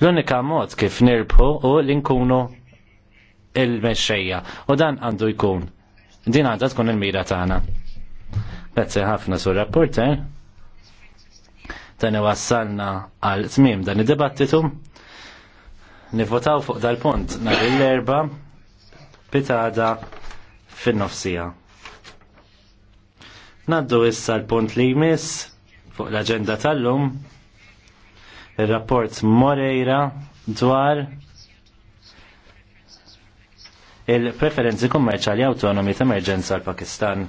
L-unika mod kif nirbħu u li nkunu il-mexxejja u dan għandu jkun. Din għandha tkun il-mira tagħna. Grazzi ħafna sur rapporter. Dan wassalna għal tmiem dan id-dibattitu. Nivvotaw fuq dal-punt nhar l-erba pitada fin-nofsija. Naddu issa l-punt li jmiss fuq l-agenda tal-lum il-rapport Moreira dwar il-preferenzi kummerċali autonomi ta' emerġenza l pakistan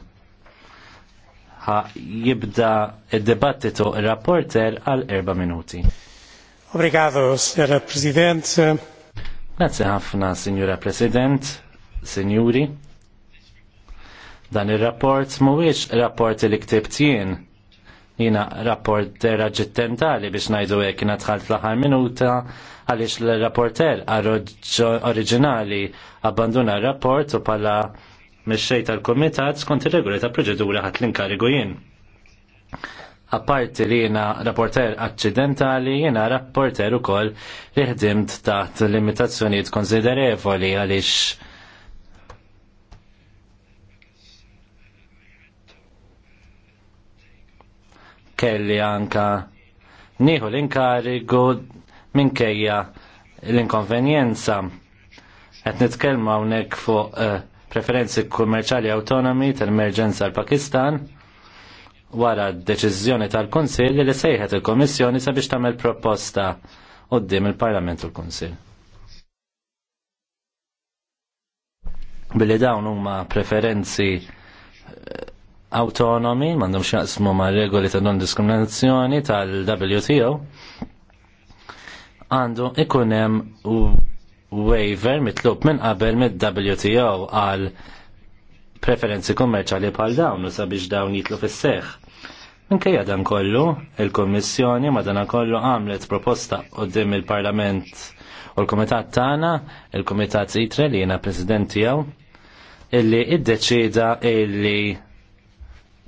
Ha jibda il-debattitu il-rapporter għal erba minuti. Obrigado, signora President. Grazie ħafna, signora President, signori. Dan il-rapport mhuwiex rapport li ktibt jien Jina rapporter aġittentali biex najdu hekk jina tħalt fl-aħħar minuta għaliex l-rapporter oriġinali abbanduna r-rapport u pala mexxej tal-komitat skont ir-regoli ta' proċedura ħadd l-inkarigu jien. Apparti li jiena rapporter accidentali, jiena rapporter ukoll li ħdimt taħt limitazzjonijiet konsiderevoli għaliex kelli anka nieħu l-inkarigu minkejja l-inkonvenjenza. Qed nitkellmu hawnhekk fuq eh, preferenzi kummerċali autonomi tal-emerġenza għal pakistan wara d-deċiżjoni tal-Kunsill li sejħet il kummissjoni sabiex tagħmel proposta qudiem il-Parlament u l-Kunsill. Billi dawn huma preferenzi eh, autonomi, mandom xaqsmu ma' regoli ta' non-diskriminazzjoni tal-WTO, għandu ikunem waiver mitlub minn qabel mid-WTO għal preferenzi kummerċali bħal dawn u sabiex dawn jitlu fis-seħ. Minkejja dan kollu, il-Kommissjoni dana kollu għamlet proposta qudiem il-Parlament u l-Kumitat tagħna, il-Kumitat Itre li jiena President tiegħu, illi iddeċida illi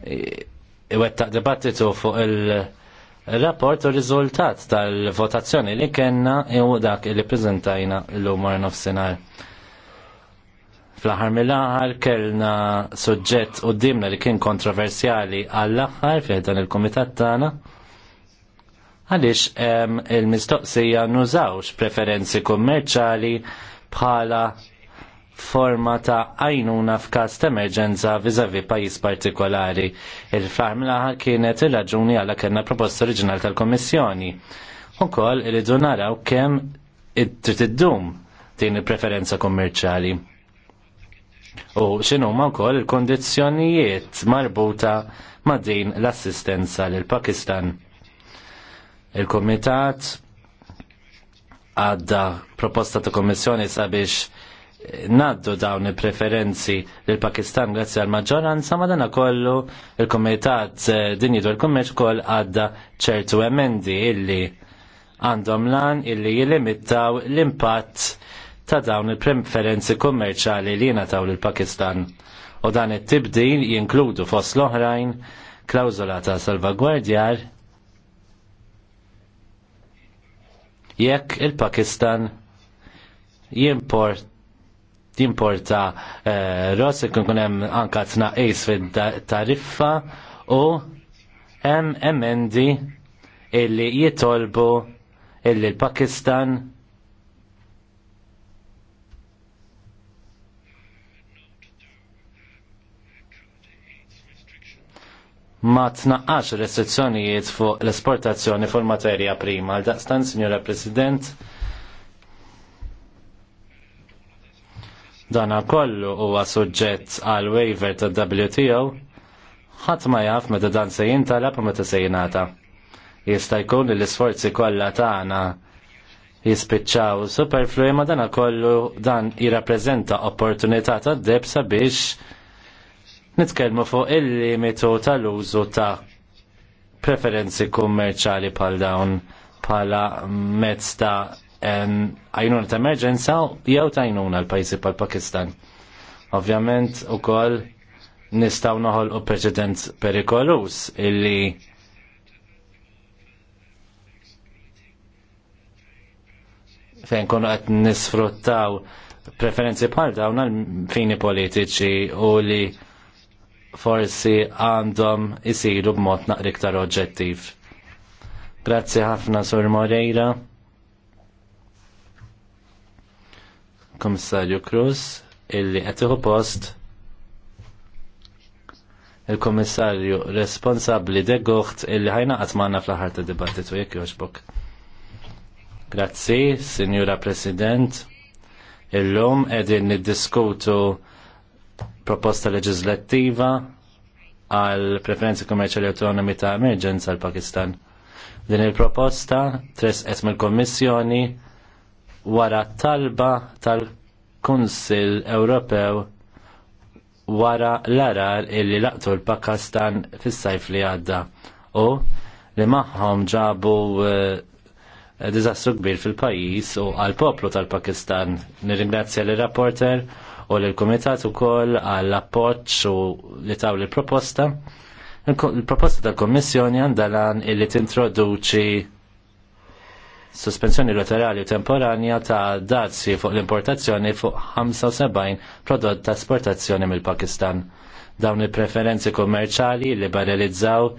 iwettaq dibattitu fuq il-rapport u riżultat tal-votazzjoni li kena u dak li prezentajna l-umor nofsinar. Fl-aħħar mill-aħħar kellna suġġett u dimna li kien kontroversjali għall-aħħar fih dan il-komitat tagħna għaliex il-mistoqsija nużawx preferenzi kummerċali bħala forma ta' għajnuna f'każ ta' emerġenza viżavi pajjiż partikolari. Il-flaħm kienet il-raġuni għala kena proposta oriġinal tal-Komissjoni. Ukoll irridu naraw kemm trid iddum din il-preferenza kummerċjali. U x'inhuma wkoll il-kondizzjonijiet marbuta ma' din l-assistenza lil Pakistan. Il-Komitat għadda proposta ta' Komissjoni sabiex naddu dawn il-preferenzi lil pakistan grazzi għal-maġġoranza ma dana kollu il-Komitat eh, Dinji dwar kummerċ koll għadda ċertu emendi illi għandhom lan illi jilimittaw l-impatt ta' dawn il-preferenzi kummerċali li jingħataw lill-Pakistan. U dan it-tibdil jinkludu fost l-oħrajn klawzola ta' salvagwardjar jekk il-Pakistan jimport timporta eh, ross ikun kun hemm anka tnaqis fid-tariffa u hemm emendi illi jitolbu illi l-Pakistan ma tnaqqax restrizzjonijiet fuq l-esportazzjoni fuq materja prima. Għal daqstan, Signora President, Dana kollu huwa suġġett għal waiver ta' WTO ħadd ma jaf meta dan se jintalab u meta se jingħata. Jista' jkun li l-isforzi kollha tagħna jispiċċaw superflui ma dana kollu dan jirrappreżenta opportunità ta' deb sabiex nitkellmu fuq il-limitu tal-użu ta' preferenzi kummerċali pal dawn pala mezz ta' għajnuna ta' emerġenza jew ta' għajnuna l-pajzi pal-Pakistan. Ovvjament u kol nistaw noħol u preċedent perikolus illi fejn kunu għat nisfruttaw preferenzi bħal dawn għal-fini politiċi u li forsi għandhom isiru b'mod naqri iktar oġġettiv. Grazzi ħafna Sur Moreira. Komissarju Cruz illi qed post il-Komissarju responsabbli degoħt illi ħajnaqat magħna fl-aħħar ta' dibattitu jekk jogħġbok. Grazzi, Sinjura President. Illum qegħdin niddiskutu proposta leġislattiva għal preferenzi kummerċali autonomi ta' emerġenza l Pakistan. Din il-proposta tresqet mill-Kommissjoni wara talba tal-Kunsil Ewropew wara l-arar illi laqtu l-Pakistan fis-sajf li għadda u li magħhom ġabu eh, diżastru kbir fil-pajis u għal poplu tal-Pakistan. Nirringrazzja l-rapporter u l-komitat ukoll għall appoċ u li taw l-proposta. Il-proposta tal-Kommissjoni għandalan illi tintroduċi sospensjoni laterali temporanja ta' dazzi fuq l-importazzjoni fuq 75 prodott ta' esportazzjoni mill-Pakistan. Dawn il-preferenzi kummerċali liberalizzaw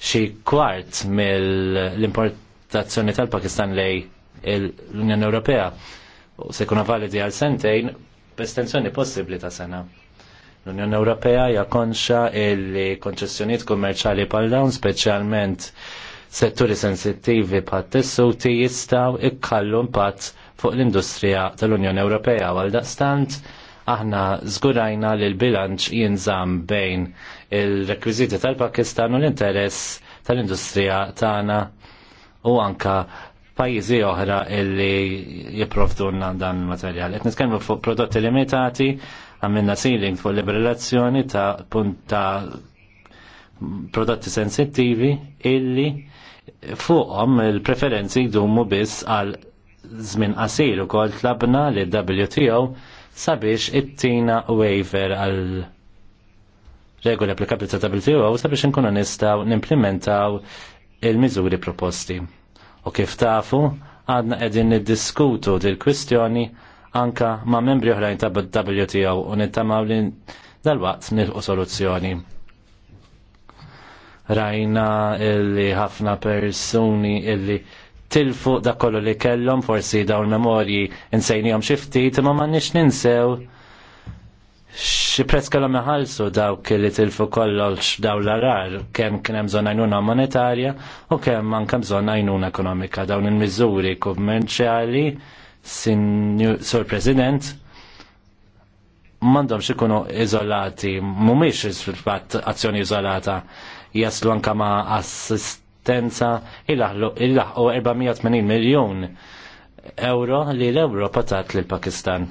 xi kwart mill-importazzjoni tal-Pakistan lej l-Unjoni Ewropea u se validi għal sentejn b'estensjoni possibbli ta' sena. L-Unjoni Ewropea hija konxa il-konċessjonijiet kummerċali pal dawn speċjalment setturi sensittivi pat ti jistaw ikkallu impatt fuq l-industrija tal-Unjoni Ewropea għal daqstant aħna zgurajna li l-bilanċ jinżam bejn il-rekwiziti tal-Pakistan u l-interess tal-industrija tagħna u anka pajjiżi oħra illi jipprovdunna dan il-materjal. Qed nitkellmu fuq prodotti limitati, għamilna ceiling fuq liberazzjoni ta' punta prodotti sensittivi illi fuqhom il-preferenzi jdumu biss għal żmien qasir ukoll tlabna li WTO sabiex it-tina waiver għal regoli applikabli ta' WTO sabiex inkunu nistgħu nimplementaw il-miżuri proposti. U kif tafu, għadna qegħdin niddiskutu dil-kwistjoni anka ma' membri oħrajn ta' WTO u nittamaw li dal-waqt nilqu soluzzjoni rajna illi ħafna persuni illi tilfu da kollu li kellhom forsi daw il-memorji insejnijom ftit imma m'għandniex ninsew xi prezz kellhom iħallsu dawk kelli tilfu kollox daw l-arar kemm kien hemm bżonn għajnuna monetarja u kemm anke bżonn għajnuna ekonomika dawn il-miżuri kummerċjali Sur President m'għandhomx ikunu iżolati, mhumiex fil-fatt azzjoni iżolata jaslu anka ma' assistenza il-laħqu 480 miljon euro li l-Europa tat l pakistan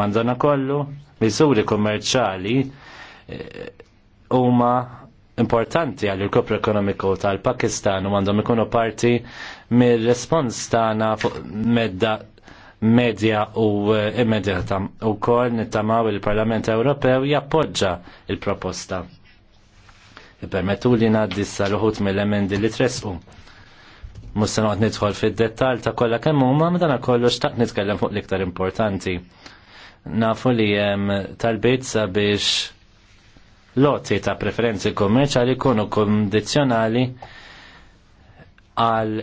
Mandana kollu, misuri kummerċali eh, huma importanti għall kopru ekonomiku tal-Pakistan u għandhom ikunu parti mir-respons tagħna fuq medda medja u immedjata eh, u kol nittamaw il-Parlament Ewropew jappoġġa il-proposta. Permettu li naddissa l-ħut mill-emendi li tresqu. Musta noqt nidħol fil-dettal ta' kolla kemm huma madana kollu xtaqt nitkellem fuq l-iktar importanti. Nafu li hemm talbiet sabiex loti ta' preferenzi kommerċali jkunu kondizzjonali għal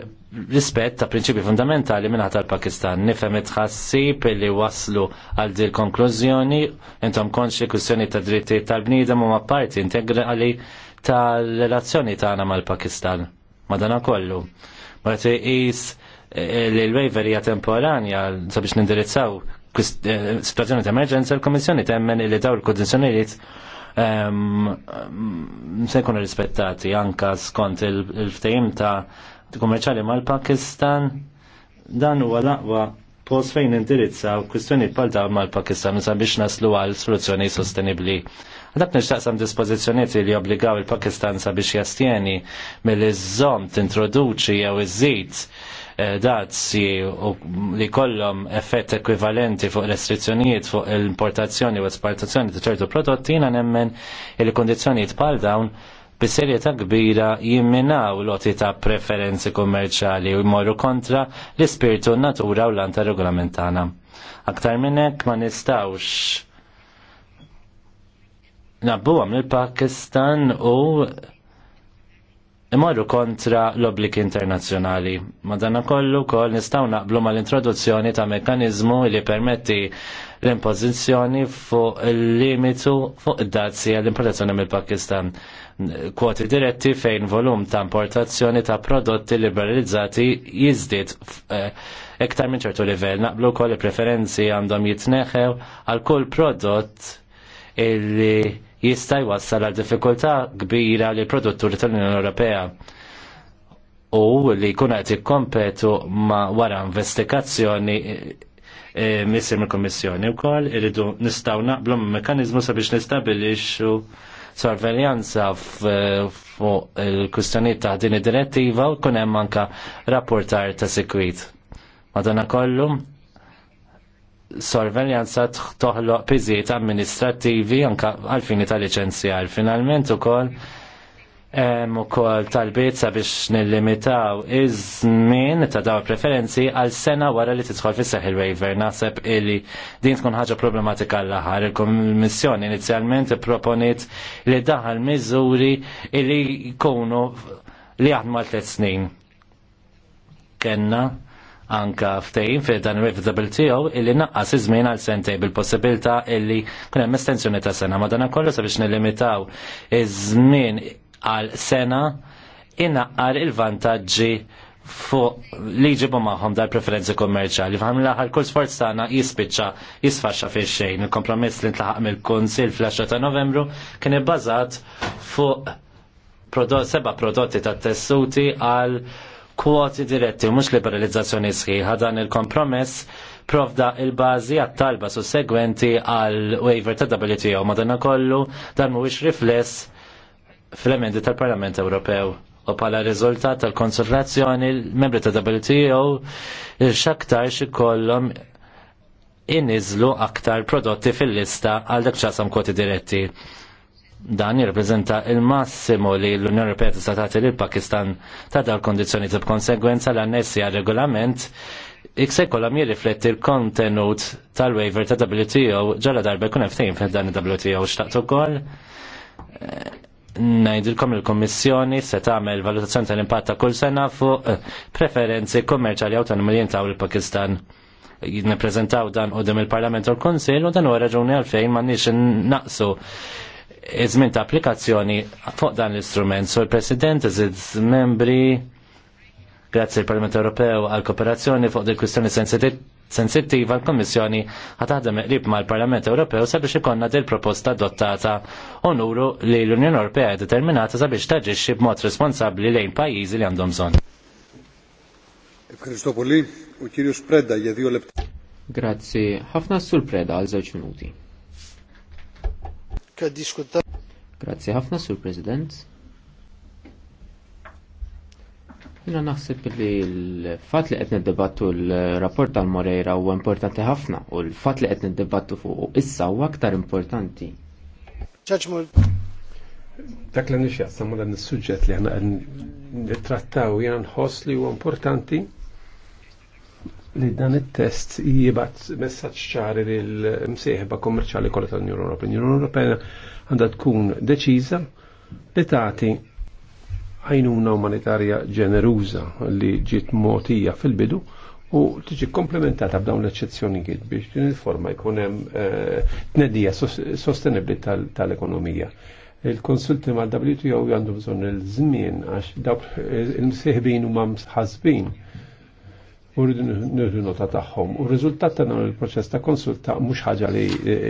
rispett ta' prinċipi fundamentali minna tal-Pakistan. Nifem itħassib li waslu għal dil konklużjoni intom konxi kussjoni ta' dritti tal-bnidem u ma' parti integrali tal-relazzjoni tagħna mal-Pakistan. Madana kollu. Bat is eh, li l-waiver hija temporanja sabiex nindirizzaw eh, situazzjoni ta' emerġenza l-Komissjoni temmen li daw il-kondizjonijiet ehm, se jkunu rispettati anka skont il-ftehim ta' kummerċali mal-Pakistan dan huwa l-aqwa post fejn indirizzaw kwistjoni pal dawn mal-Pakistan sabiex naslu għal soluzzjoni sostenibbli Dak nixtaqsam dispozizjoniet li obbligaw il-Pakistan sabiex jastjeni mill-iżżom tintroduċi jew iżid eh, dazzi li kollom effett ekwivalenti fuq restrizzjonijiet fuq l-importazzjoni u esportazzjoni ta' ċertu prodotti jiena nemmen il-kondizzjonijiet bħal dawn b'serjetà kbira jimminaw loti ta' preferenzi kummerċali u jmorru kontra l-ispirtu natura u l-anta regolamentana. Aktar minn hekk ma nistawx nabbu għam pakistan u imorru kontra l obblik internazzjonali. Madana kollu kol nistaw naqblu ma l-introduzzjoni ta' mekanizmu li permetti l-impożizzjoni fuq il-limitu fuq id-dazzi għall-importazzjoni mill-Pakistan. Kwoti diretti fejn volum ta' importazzjoni ta' prodotti liberalizzati jizdit eh, iktar minn ċertu livell. Naqblu kol preferenzi għandhom jitneħew għal kull prodott illi jista' jwassal għal diffikultà kbira li produtturi tal-Unjoni Ewropea u li jkun qed jikkompetu ma wara investigazzjoni e, e missim il wkoll iridu nistgħu naqblu mekkaniżmu sabiex nistabilixxu sorveljanza fuq il-kustjoniet ta' din id-direttiva u kun hemm anke rapportar ta' sekwit. Madonna kollu, sorveljanza toħloq piżiet amministrattivi anka għalfini ta' licenzjar. Finalment ukoll hemm ukoll talbiet sabiex nillimitaw iż-żmien ta' dawn preferenzi għal sena wara li tidħol fis seħil waiver. Naħseb illi din tkun ħaġa problematika l aħħar il kummissjoni inizjalment proponiet li daħal miżuri illi jkunu li jaħdmu għal tliet snin. Kenna anka ftejn fi dan il-revidable tiegħu illi naqqas iż-żmien għal sentej bil-possibilità illi kun hemm estensjoni ta' sena. Madana kollu sabiex nilimitaw iż-żmien għal sena inaqqar il-vantaġġi fuq li ġibu maħom dal preferenzi kommerċali. Fħam l-ħar kull sforz tagħna jispiċċa jisfaxxa fi xejn. Il-kompromiss li ntlaħaq mill-Kunsil fl-10 ta' Novembru kien ibbażat fuq seba' prodotti ta' tessuti għal kwoti diretti u mhux liberalizzazzjoni sħiħa dan il-kompromess provda il-bażi għat-talba sussegwenti għal waiver ta' WTO madankollu dan mhuwiex rifless fl-emendi tal-Parlament Ewropew u pala riżultat tal-konsultazzjoni l-membri ta' WTO xaktar xikollhom iniżlu aktar prodotti fil-lista għal dak ċasam kwoti diretti dan jirrepreżenta il-massimo li l-Unjoni Ewropea tista' tagħti lil Pakistan ta' dal kondizzjoni ta' konsegwenza l-annessi għal regolament iksej kollha jirrifletti l-kontenut tal-waiver ta' WTO ġalla darba jkun ftehim f'dan dan il-WTO xtaqt ukoll eh, najdilkom il-Kommissjoni se tagħmel valutazzjoni tal-impatt ta' kull sena fuq eh, preferenzi kommerċali awtonomi li jintaw il-Pakistan. Nippreżentaw dan qudiem il-Parlament u l-Konsil u dan huwa raġuni għalfejn m'għandniex naqsu iż-żmien ta' applikazzjoni fuq dan l-istrument. So il-President iżid membri grazzi l-Parlament Ewropew għal kooperazzjoni fuq il kwistjoni sensittiva l-Kommissjoni iqrib ma' mal parlament Ewropew sabiex ikonna del proposta adottata onuru li l-Unjoni Ewropea determinata sabiex taġixxi b'mod responsabbli lejn pajjiżi li għandhom bżonn. Grazzi. Ħafna sul preda għal żewġ minuti. Kaddiskutta. Grazzi ħafna, Sur President. Jina naħseb li l-fat li qed debattu l-rapport tal-Moreira huwa importanti ħafna u l-fat li qed debattu fuq issa huwa aktar importanti. Ċaċmur. Dak li nixjaqsam l-suġġett li għanna nittrattaw jgħan nħoss li huwa importanti li dan it-test jibat messaċ ċari l-msieħba kommerċali kollha tal-Unjoni Ewropea. L-Unjoni Ewropea għandha tkun deċiża li tagħti għajnuna umanitarja ġeneruża li ġiet motija fil-bidu u tiġi komplementata b'dawn l-eċezzjonijiet biex din il-forma jkun hemm eh, tnedija sostenibbli tal-ekonomija. Il-konsulti mal WTO għandu bżonn il-żmien għax dawk il-msieħbin huma mħasbin u rridu nota taħħom. U r-riżultat ta' dan il-proċess ta' konsulta mhux ħaġa li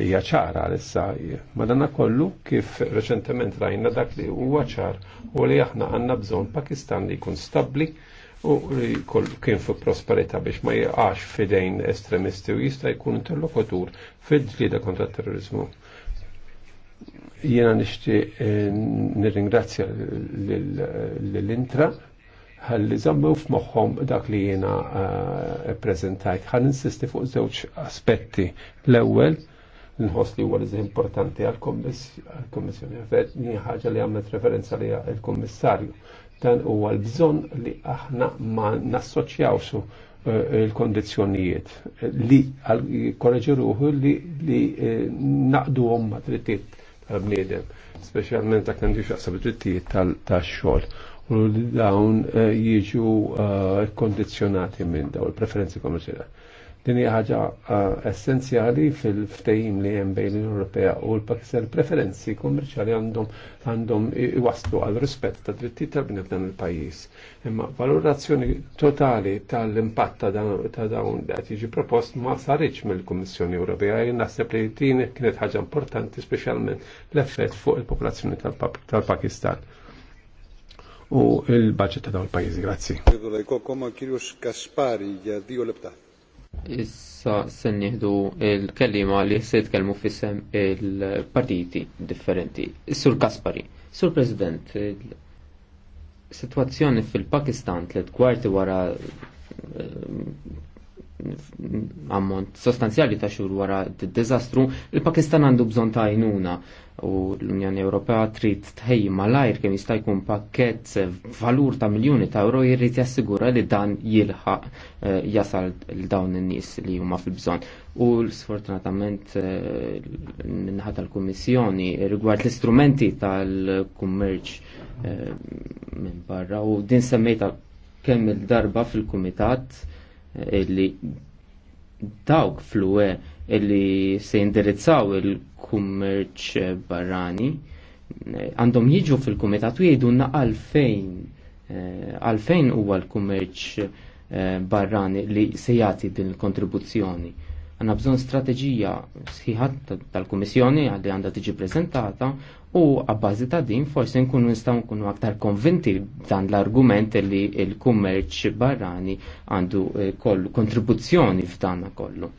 hija ċara issa. Madana kollu kif reċentement rajna dak li huwa ċar u li aħna għandna bżonn Pakistan li jkun stabbli u li kien fi prosperita biex ma jgħax fidejn estremisti u jista' jkun interlokutur fid-ġlida kontra terrorizmu jiena nishti eh, nirringrazzja l-intra ħalli zammew f'moħħom dak li jiena eh, prezentajt. Ħan insisti fuq żewġ aspetti. L-ewwel nħoss li huwa importanti għall-Kommissjoni Fed li ħaġa li għamlet referenza li għal kummissarju Dan huwa l-bżonn li aħna ma nassoċjawsu eh, il-kondizjonijiet li korreġiruħu li eh, naqdu għom ma drittijiet tal-bniedem, specialment għak għandu xaqsab drittijiet tal-xol u dawn eh, jiġu eh, kondizjonati minn daw il-preferenzi komerċjali. Din hija ħaġa eh, essenzjali fil-ftehim li hemm bejn l-Ewropea u l-Pakistan preferenzi kummerċjali għandhom għandhom iwaslu għal rispett ta' drittijiet tal-bniet f'dan il-pajjiż. Imma valorazzjoni totali tal-impatt ta' dawn li qed jiġi propost ma saritx mill-Kummissjoni Ewropea jien naħseb li din kienet ħaġa importanti speċjalment l-effett fuq il-popolazzjoni tal-Pakistan u il-budget ta' dawn il-pajjiżi. Grazzi. Issa se nieħdu il-kellima li se jitkellmu fissem il-partiti differenti. Sur Kaspari, Sur President, situazzjoni fil-Pakistan tliet kwarti wara eh, ammont sostanzjali ta' xhur wara d dizastru il-Pakistan għandu bżonn ta' għajnuna u l-Unjoni Ewropea trid tħejji malajr kemm jista' jkun pakkett valur ta' miljuni ta' euro jrid jassigura li dan jilħaq eh, jasal l-dawn in-nies li huma fil-bżonn. U sfortunatament eh, minnaħa tal-Kummissjoni rigward l-istrumenti tal-kummerċ eh, minn barra u din semmejta kemm il-darba fil-Kumitat li dawk flue illi se jindirizzaw il-kummerċ barrani għandhom jiġu fil-kumitat u na għalfejn eh, għalfejn huwa l-kummerċ eh, barrani li se jagħti din il-kontribuzzjoni. Għanna bżon strateġija sħiħat tal-Kummissjoni għaddi għandha tiġi prezentata u għabbażi ta' din forse nkunu nistgħu nkunu aktar konvinti dan l-argument li l-kummerċ barrani għandu eh, kontribuzzjoni f'dan kollu.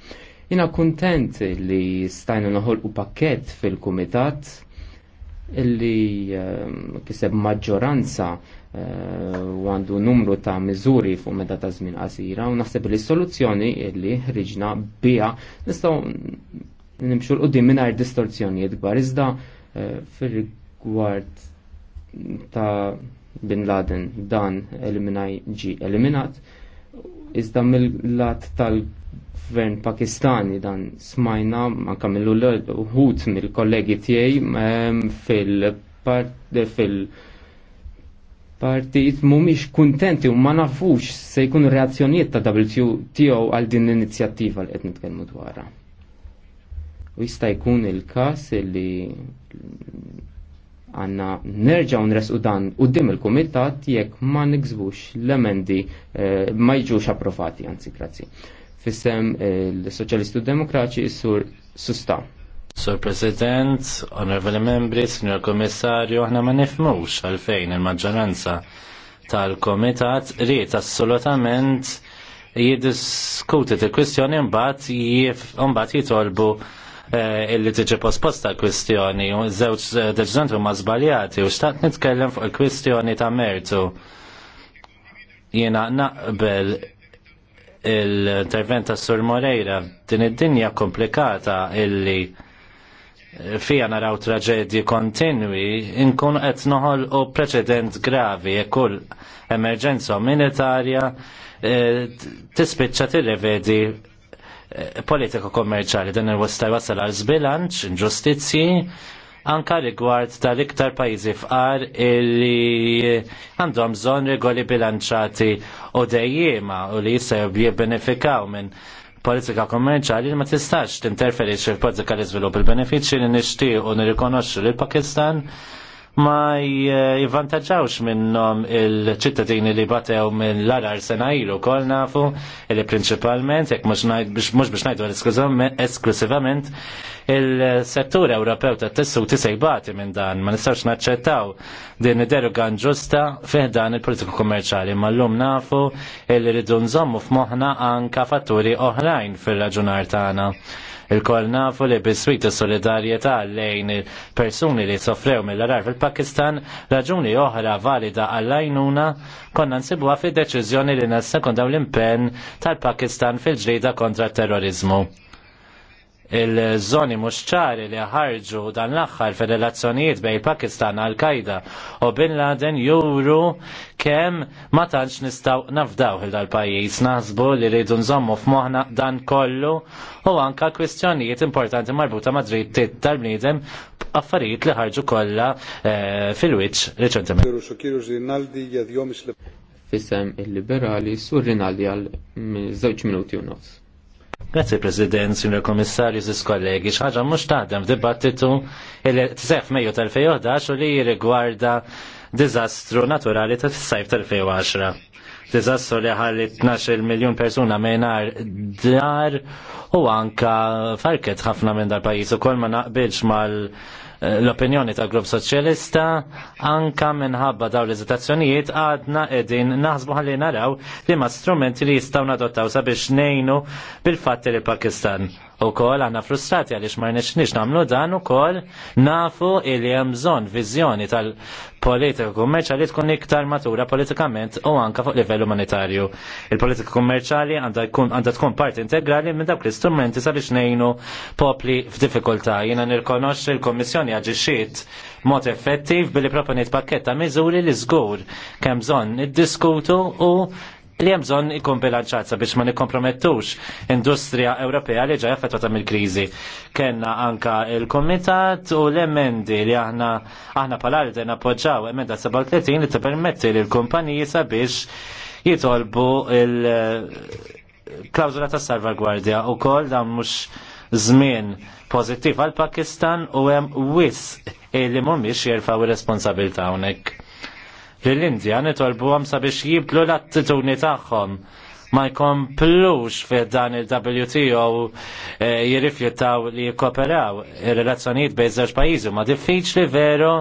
Jina kontent li stajna u pakket fil-kumitat illi ehm, kiseb maġġoranza ehm, u għandu numru ta' miżuri fuq meta ta' żmien qasira u naħseb li soluzzjoni illi ħriġna biha nistgħu nimxu l-qudiem mingħajr distorzjonijiet kbar iżda uh, fir-rigward ta' Bin Laden dan eliminaj ġi eliminat iżda mill-lat tal gvern Pakistani dan smajna anka l ħut mill-kollegi tiegħi fil-partit mhumiex kuntenti u ma nafux se jkun reazzjonijiet ta' WTO għal din l-inizjattiva li qed nitkellmu dwarha. U jista' jkun il-każ li għanna nerġaw nresqu dan u dim il kumitat jekk ma nigzbux l-emendi eh, ma jġux approvati, anzi, grazzi fissem il-Soċjalistu Demokraċi is-Sur Susta. Sur President, Onorevoli Membri, Signor Komissarju, aħna ma nifmux għalfejn il-maġġoranza tal-Komitat rrit assolutament jiddiskutit t kwistjoni mbagħad jitolbu eh, illi tiġi posposta kwistjoni, żewġ eh, deċiżjoni huma żbaljati u xtaqt nitkellem fuq il-kwistjoni ta' mertu. Jiena naqbel il-intervent tas Sur Moreira din id-dinja komplikata illi fija naraw traġedji kontinwi inkun qed noħol u preċedent gravi e kull emerġenza umanitarja e, tispiċċa tirrevedi e, politiko kommerċali dan il-wasta wasal għal zbilanċ, inġustizzji anka rigward tal-iktar pajjiżi fqar illi għandhom bżonn regoli bilanċati u dejjema u li jistgħu jibbenefikaw minn politika kommerċali li ma tistax tinterferixxi fil-politika li zvilup il-benefiċċji li nixtiequ nirrikonoxxu li l-Pakistan ma jivvantaġġawx minnhom il-ċittadini li batew minn l-arar sena ilu kol nafu li principalment, jekk mhux biex ngħidu esklusivament Il-settur Ewropew ta' tessu bati minn dan, ma nistax naċċettaw din id-deroga ġusta fih dan il politiku kommerċali, ma l-lum nafu il ridu nżommu f'moħna anka fatturi oħrajn fil-raġunar tagħna. Il-kol nafu li biswit solidarjetà lejn il-persuni li soffrew mill-arar fil-Pakistan raġuni oħra valida għall-għajnuna konna nsibuha fi deċiżjoni li kondaw l-impenn tal-Pakistan fil-ġrida kontra terrorizmu il-żoni mhux ċari li ħarġu dan l-aħħar fir-relazzjonijiet bejn Pakistan l qaida u Bin Laden juru kemm ma tantx nistgħu nafdaw il dal-pajjiż naħsbu li rridu nżommu f'moħħna dan kollu u anka kwistjonijiet importanti marbuta ma' drittijiet tal-bniedem affarijiet li ħarġu kollha eh, fil-wiċċ riċentement. Fisem il-liberali sur Rinaldi għal żewġ minuti u nofs. Grazie President, Signor Komissarju, Sis kollegi, xaġa mux taħdem f'dibattitu il tsef Mejju tal-2011 u li jirigwarda dizastru naturali tal sajf tal-2010. Dizastru li ħalli 12 miljon persuna mejnar dar u anka farket ħafna minn dal-pajis u kol ma naqbilx mal l-opinjoni tal grupp soċjalista anka minħabba daw l ezitazzjonijiet għadna edin naħsbu ħalli naraw li ma strumenti li jistaw nadottaw sabiex nejnu bil-fatti li Pakistan U kol għanna frustrati għalix ma nix namlu dan u kol nafu il jemżon vizjoni tal-politika kummerċali tkun iktar matura politikament u anka fuq livell umanitarju. Il-politika kummerċali għanda tkun parti integrali minn dawk l-istrumenti sabiex nejnu popli f'difikultà. Jina nirkonoxxi l-Kommissjoni għagġixiet mod effettiv billi proponiet pakketta miżuri li żgur kemm bżonn iddiskutu u li hemm bżonn ikun bilanċat biex ma nikkompromettux industrija Ewropea li ġej affettwata mill-kriżi. Kenna anka il-Kumitat u l-emendi li aħna aħna pal-arde nappoġġaw emenda 37 li tippermetti lil kumpaniji sabiex jitolbu il-klawżula eh, ta' salvagwardja u koll dan mhux żmien pożittiv għal Pakistan u hemm wis li mhumiex jerfaw ir-responsabilità hawnhekk l indja nitolbu għam sabiex jiblu l-attitudni tagħhom ma jkomplux fi dan il-WTO eh, jirrifjutaw li jikoperaw il-relazzjonijiet bejn żewġ pajjiżi ma diffiċli veru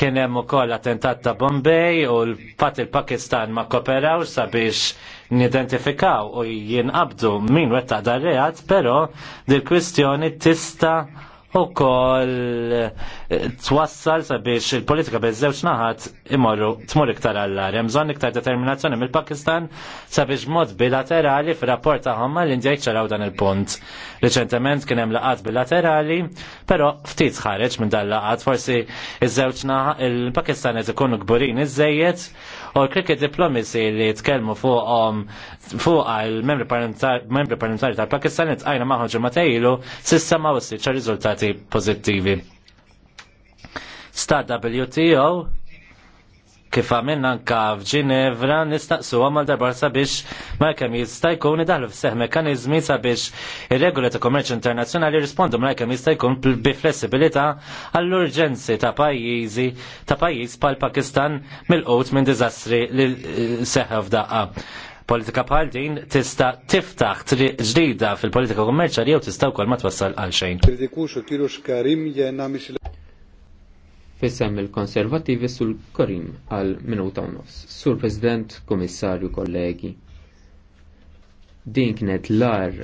kien hemm ukoll attentat ta' Bombay u l-fat il-Pakistan ma koperaw sabiex nidentifikaw u jinqabdu min wettaq dar reat, però dil-kwistjoni tista' u koll eh, twassal sabiex il-politika bezzewċ naħat imorru tmur iktar għallar. Jemżon iktar determinazzjoni mill-Pakistan sabiex mod bilaterali fir-rapport tagħhom mal-Indja jċaraw dan il-punt. Reċentement kien hemm laqat bilaterali, però ftit ħareġ minn dan laqat forsi iż-żewġ il-Pakistan qed ikunu gburin iż U l-cricket diplomacy li tkellmu fuqhom fuq il-membri parlamentari tal-Pakistan tqajna magħhom ġematejlu sissa s-sicċa riżultati pożittivi. Sta WTO kif għamilna anka f'Ġinevra nistaqsu għal darbar sabiex ma kem jista' jkun idaħlu f'seħ mekanizmi sabiex ir-regoli ta' kummerċ internazzjonali rispondu ma kem jista' jkun bi flessibilità għall-urġenzi ta' pajizi ta' pajjiż pal Pakistan mill qot minn diżastri li eh, seħħa f'daqqa. Politika bħal din tista' tiftaħ triq ġdida fil-politika kummerċali jew tista' wkoll ma twassal għal xejn. Fissem il-konservativi sul korim għal minuta u nofs. Sur President, Komissarju, kollegi. Din kienet l-ar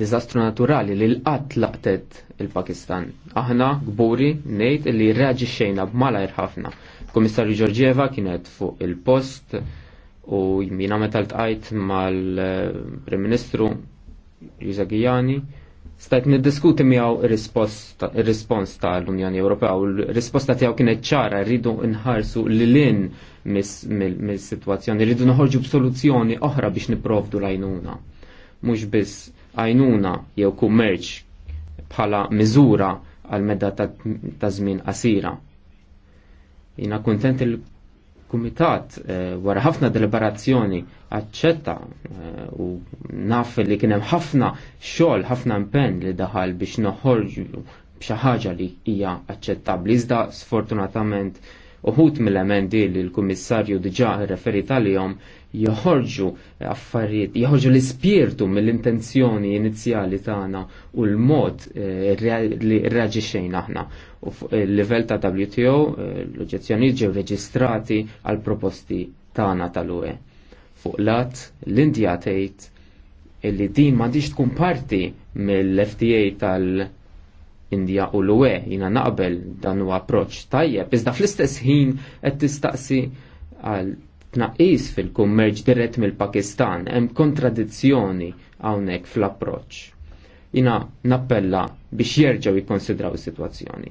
dizastru naturali li l qat laqtet il-Pakistan. Aħna gburi nejt li reġi xejna b'mala ħafna. Komissarju Ġorġieva kienet fuq il-post u jmina meta tqajt mal-Prim Ministru Jusagijani stajt niddiskuti miegħu ir-rispons tal-Unjoni Ewropea u l-risposta tiegħu kienet ċara rridu nħarsu lilin mis-sitwazzjoni, rridu noħorġu b'soluzzjoni oħra biex niprovdu l ajnuna Mhux biss għajnuna jew kummerċ bħala miżura għal medda ta' żmien qasira. Jina kuntent il kumitat eh, wara ħafna deliberazzjoni aċċetta eh, u naf li kien hemm ħafna xogħol, ħafna impenn li daħal biex noħorġu b'xi ħaġa li hija aċċettabbli. Iżda sfortunatament uħut mill-emendi li l-Kummissarju diġà referi tal-jom joħorġu affarijiet, joħorġu l-ispirtu mill-intenzjoni inizjali tagħna u l-mod eh, li reaġixxejn aħna. U l-livell ta' WTO eh, l-oġezzjoni ġew reġistrati għal proposti tagħna tal-UE. Fuq lat l-Indja tgħid illi din m'għandix tkun parti mill-FTA tal- Indja u l-UE jina naqbel dan u approċ tajjeb, iżda fl-istess ħin qed tistaqsi għal tnaqqis fil kummerġ dirett mill-Pakistan, hemm kontradizzjoni hawnhekk fl-approċċ. Jina nappella biex jerġgħu jikkonsidraw is-sitwazzjoni.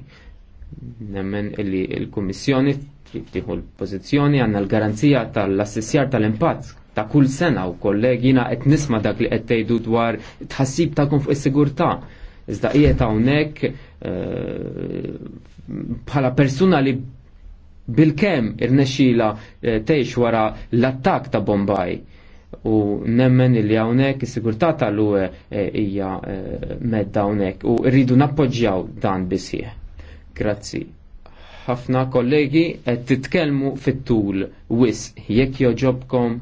Nemmen illi l-Kummissjoni trid tieħu l-pożizzjoni għandna l-garanzija tal-assessjar tal-impatt ta' kull sena u kolleg jina qed nisma' dak li qed tgħidu dwar tħassib tagħkom fuq is-sigurtà. Iżda qiegħed hawnhekk eh, bħala persuna li bil-kem irnexxila eh, tgħix wara l-attak ta' Bombaj u nemmen li hawnhekk is-sigurtà tal-UE eh, hija eh, medda hawnhekk u rridu nappoġġjaw dan bisih. Grazzi. Ħafna kollegi qed titkellmu fit-tul wis jekk joġobkom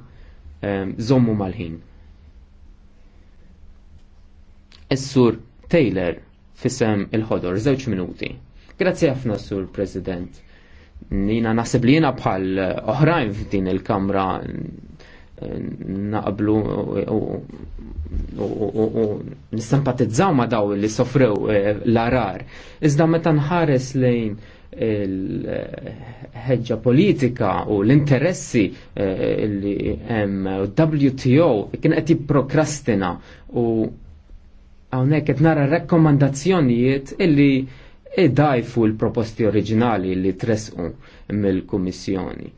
żommu mal-ħin. Is-sur Taylor fisem il-ħodor żewġ minuti. Grazzi ħafna sur President Nina naħseb li jina bħal oħrajn f'din il-kamra naqblu u nissimpatizzaw ma daw li sofrew eh, l-arar. Iżda meta nħares lejn il-ħeġġa politika u l-interessi eh, li hemm WTO kien qed jipprokrastina u hawnhekk qed nara rakkomandazzjonijiet illi daj dajfu l-proposti oriġinali li tresqu mill-Kummissjoni.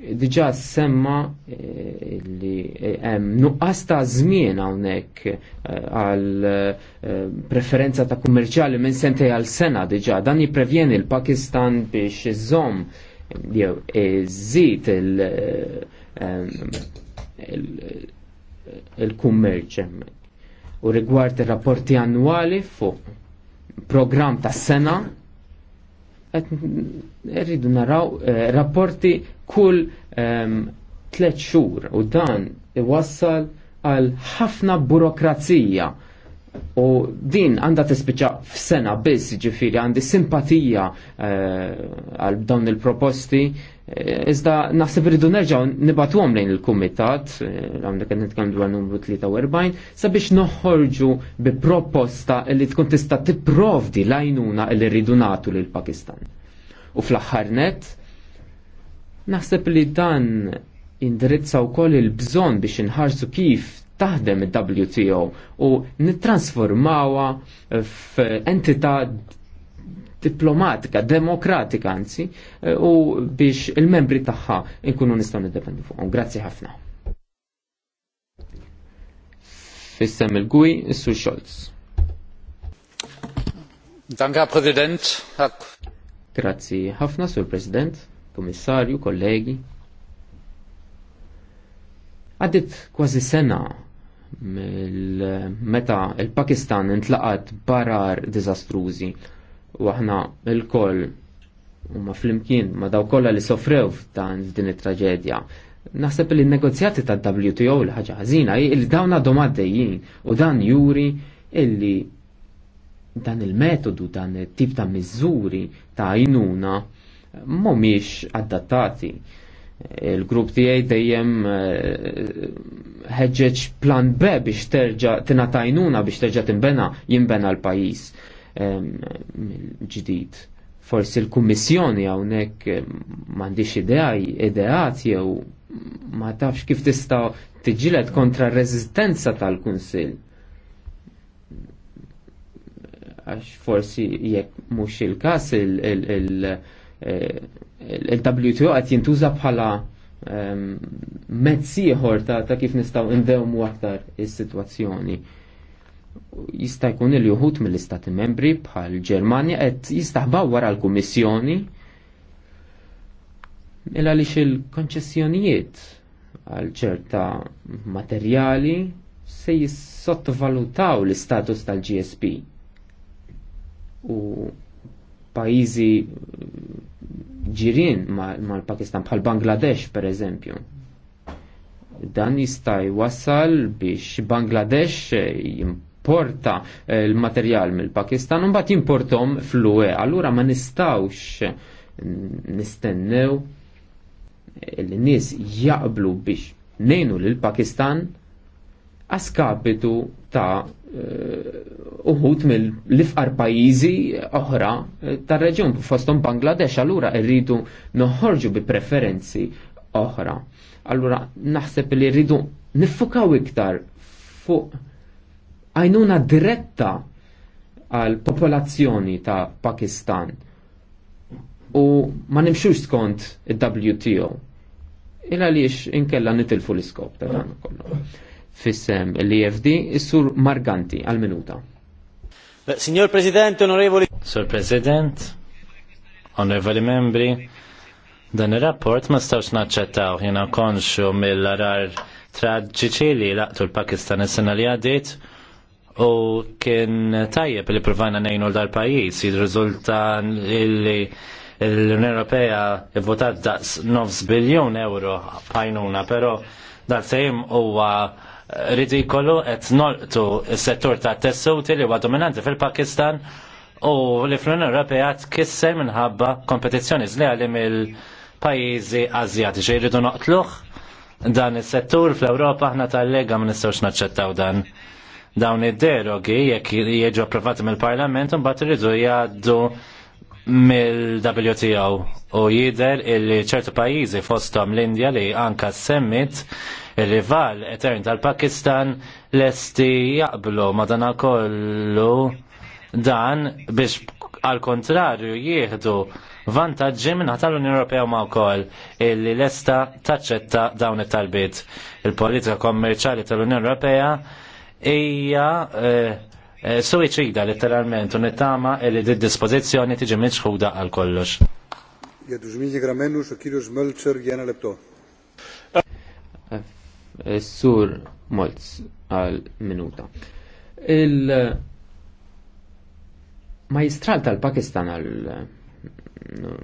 Diġa semma eh, li eh, hemm nuqqas ta' żmien hawnhekk eh, għal preferenza ta' kummerċjali minn sentej għal sena diġa dan jipprevjeni l-Pakistan biex iżomm jew iżid il-kummerċ il, u rigward ir-rapporti annwali fuq program ta' sena rridu naraw eh, rapporti kull ehm, tliet xhur u dan iwassal għal ħafna burokrazija u din għandha tispiċa f'sena biss ġifiri għandi simpatija eh, għal dawn il-proposti Iżda naħseb irridu nerġgħu nibatuhom lejn il-kumitat, eh, għandek qed nitkellem dwar numru 43, sabiex noħorġu bi proposta li tkun tista' tipprovdi l-għajnuna li rridu nagħtu lil Pakistan. U fl-aħħar net, naħseb li dan indirizza wkoll il-bżonn biex inħarsu kif taħdem il-WTO u nittransformawha f'entità diplomatika, demokratika anzi, eh, u biex il-membri tagħha nkunu nistgħu niddependu fuqhom. Grazzi ħafna. Fissem il-gwi, Sur Scholz. Danka President. Grazzi ħafna, Sur President, Kommissarju, kollegi. Għaddit kważi sena mill-meta il-Pakistan intlaqat barar diżastrużi u aħna il-koll huma flimkien ma daw kollha li sofrew f'dan din it-traġedja. Naħseb li n-negozjati ta' WTO li ħaġa ħażina li dawn għadhom għaddejjin u dan juri illi dan il-metodu, dan it-tip ta' miżuri ta' għajnuna mhumiex adattati. Il-grupp tiegħi dejjem eh, ħeġġeġ plan B biex terġa' tingħata għajnuna biex terġa' tinbena jinbena l-pajjiż ġdid. Forsi l-Kummissjoni hawnhekk m'għandix idea ideat jew ma tafx kif tista' tiġilet kontra r-reżistenza tal-Kunsill. Għax forsi jekk mhux il-każ eh, il-WTO qed jintuża bħala mezz ieħor ta' kif nistgħu indewmu aktar is-sitwazzjoni jista' jkun il uħut mill-istati membri bħal Ġermanja qed jistaħbaw wara l-Kummissjoni illa mela għaliex il-konċessjonijiet għal ċerta materjali se jissottvalutaw l-istatus tal-GSP u pajizi mm, ġirin mal-Pakistan ma bħal Bangladesh per eżempju. Dan jista' jwassal biex Bangladesh importa eh, l-materjal mill-Pakistan un bat importom fl-UE. Allura ma nistawx nistennew l-nis jaqblu biex nejnu l-Pakistan askabitu ta' eh, uħut mill-lifqar pajizi oħra eh, tar reġjun fostom Bangladesh, allura rridu noħorġu bi preferenzi oħra. Allura naħseb li rridu nifukaw iktar fuq għajnuna diretta għal popolazzjoni ta' Pakistan u ma nimxux skont il-WTO. Illa liex inkella nitilfu l-iskop ta' dan kollu. Fissem l-IFD, is-sur Marganti għal-minuta. Signor President, onorevoli. Sur President, onorevoli membri, dan il-rapport ma stawx naċċettaw jena konxu mill-arar traġiċi li laqtu l-Pakistan is-sena li għaddit u kien tajjeb li provajna nejnu l-dal-pajis, jid-rizulta li l-Unjoni Ewropea votat daqs 9 biljun euro pajnuna, pero dal-sejm huwa ridikolu qed nolqtu s-settur ta' tessuti li huwa dominanti fil-Pakistan u li fl-Unjoni Ewropea tkisser minħabba kompetizzjoni żleali mill-pajjiżi Azjatiċi jridu noqtluh dan is-settur fl-Ewropa aħna tal-lega ma nistgħux naċċettaw dan dawn id-derogi jekk jieġu approvati mill-Parlament bat iridu jgħaddu mill-WTO u jidher illi ċertu pajjiżi fosthom l-Indja li anka semmit il-rival etern tal-Pakistan lesti jaqblu madanakollu dan biex għal kontrarju jieħdu vantaġġi minna tal-Unjoni Ewropea ma' wkoll illi lesta taċċetta dawn it-talbiet. Il-politika kommerċjali tal-Unjoni Ewropea ija suwiċida letteralment u nittama li d-dispozizjoni tiġi miċħuda għal kollox. Jadużmini jena lepto. Sur Molz għal minuta. Il majistral tal-Pakistan għal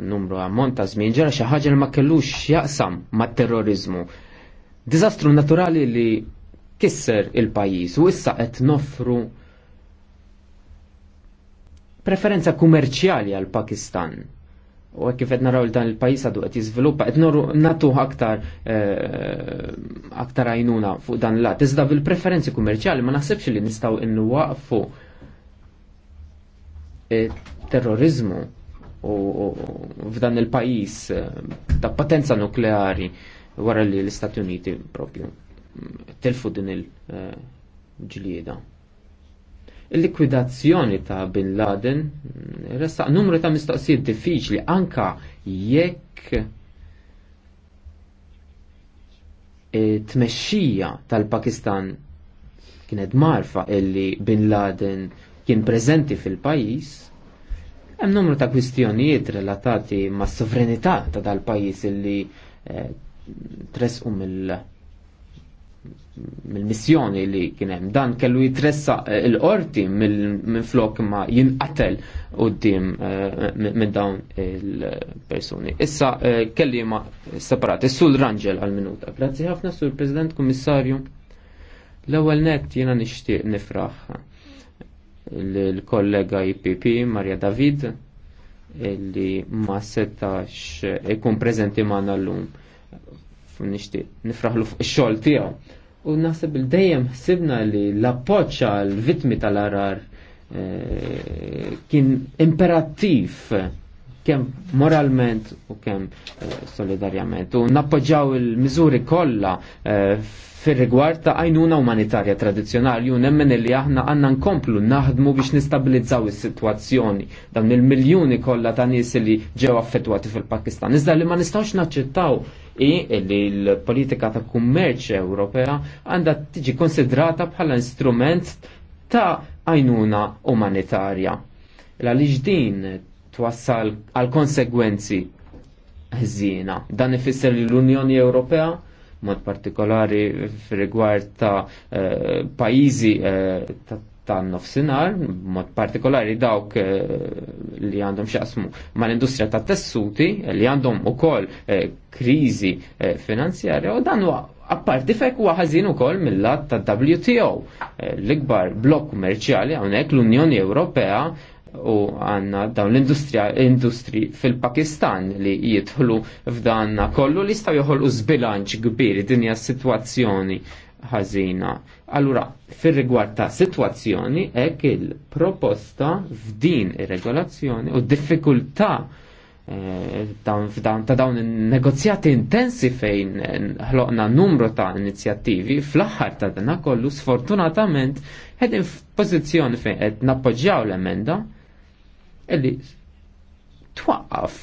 numru ammont ta' żmien ġara xi ħaġa li ma kellux jaqsam mat-terrorizmu. Dizastru naturali li kisser il-pajis u issa qed noffru preferenza kummerċjali għal Pakistan. U kif qed naraw dan il-pajis għadu qed jiżviluppa qed nagħtu aktar eh, aktar għajnuna fuq dan l-lat. Iżda fil preferenzi kummerċjali ma naħsebx li nistgħu inwaqfu terrorizmu u f'dan il-pajis eh, ta' potenza nukleari wara li l-Istati Uniti propju telfu din il-ġlieda. Eh, Il-likwidazzjoni ta' Bin Laden mm, resta numru ta' mistoqsijiet diffiċli anka jekk tmexxija tal-Pakistan kienet marfa illi Bin Laden kien preżenti fil-pajis, hemm numru ta' kwistjonijiet relatati ma' sovranità ta' dal-pajis illi eh, tresqu mill- mill-missjoni li kien hemm dan kellu jitressa eh, l-qorti minn flok ma jinqatel qudiem eh, minn dawn il-persuni. Issa eh, kelli ma separati. Sul Rangel għal-minuta. Grazzi ħafna sur President Kummissarju. L-ewwel net jiena nixtieq nifraħ l-kollega IPP Marja David li ma setax ikun preżenti magħna llum nishtiq nifraħlu fuq ix-xogħol tiegħu u naħseb il-dejjem sibna li l-appoċ għal vitmi tal-arar eh, kien imperattiv kem moralment u kem eh, solidarjament. U nappoġġaw il-mizuri kollha eh, fir rigward ta' għajnuna umanitarja tradizjonali u nemmen li aħna għanna nkomplu naħdmu biex nistabilizzaw is-sitwazzjoni dawn il-miljuni kollha ta' nies li ġew affettwati fil-Pakistan. Iżda li ma nistawx naċċettaw i li l-politika ta' kummerċ Ewropea għandha tiġi konsidrata bħala instrument ta' għajnuna umanitarja. l li din twassal għal konsegwenzi ħżina. Dan ifisser li l-Unjoni Ewropea mod partikolari f'rigward ta' pajjiżi eh, pajizi eh, ta' tan nofsinar, mod partikolari dawk eh, li għandhom x'asmu ma l-industrija ta' tessuti li għandhom u kol eh, krizi eh, finanzjarja u dan apparti fek għazin ħażin ukoll mill-lat ta' WTO. L-ikbar blok kummerċjali hawnhekk l-Unjoni Ewropea u għanna dawn l-industrija industri fil-Pakistan li jidħlu f'danna kollu li staw joħolqu zbilanċ kbir dinja situazzjoni ħażina. Allura, fir-rigward ta' sitwazzjoni hekk il-proposta f'din ir-regolazzjoni u d-diffikultà eh, ta' dawn il-negozjati intensi fejn eh, ħloqna numru ta' inizjattivi fl-aħħar ta' dana kollu sfortunatament qegħdin f'pożizzjoni fejn qed nappoġġjaw l-emenda illi twaqqaf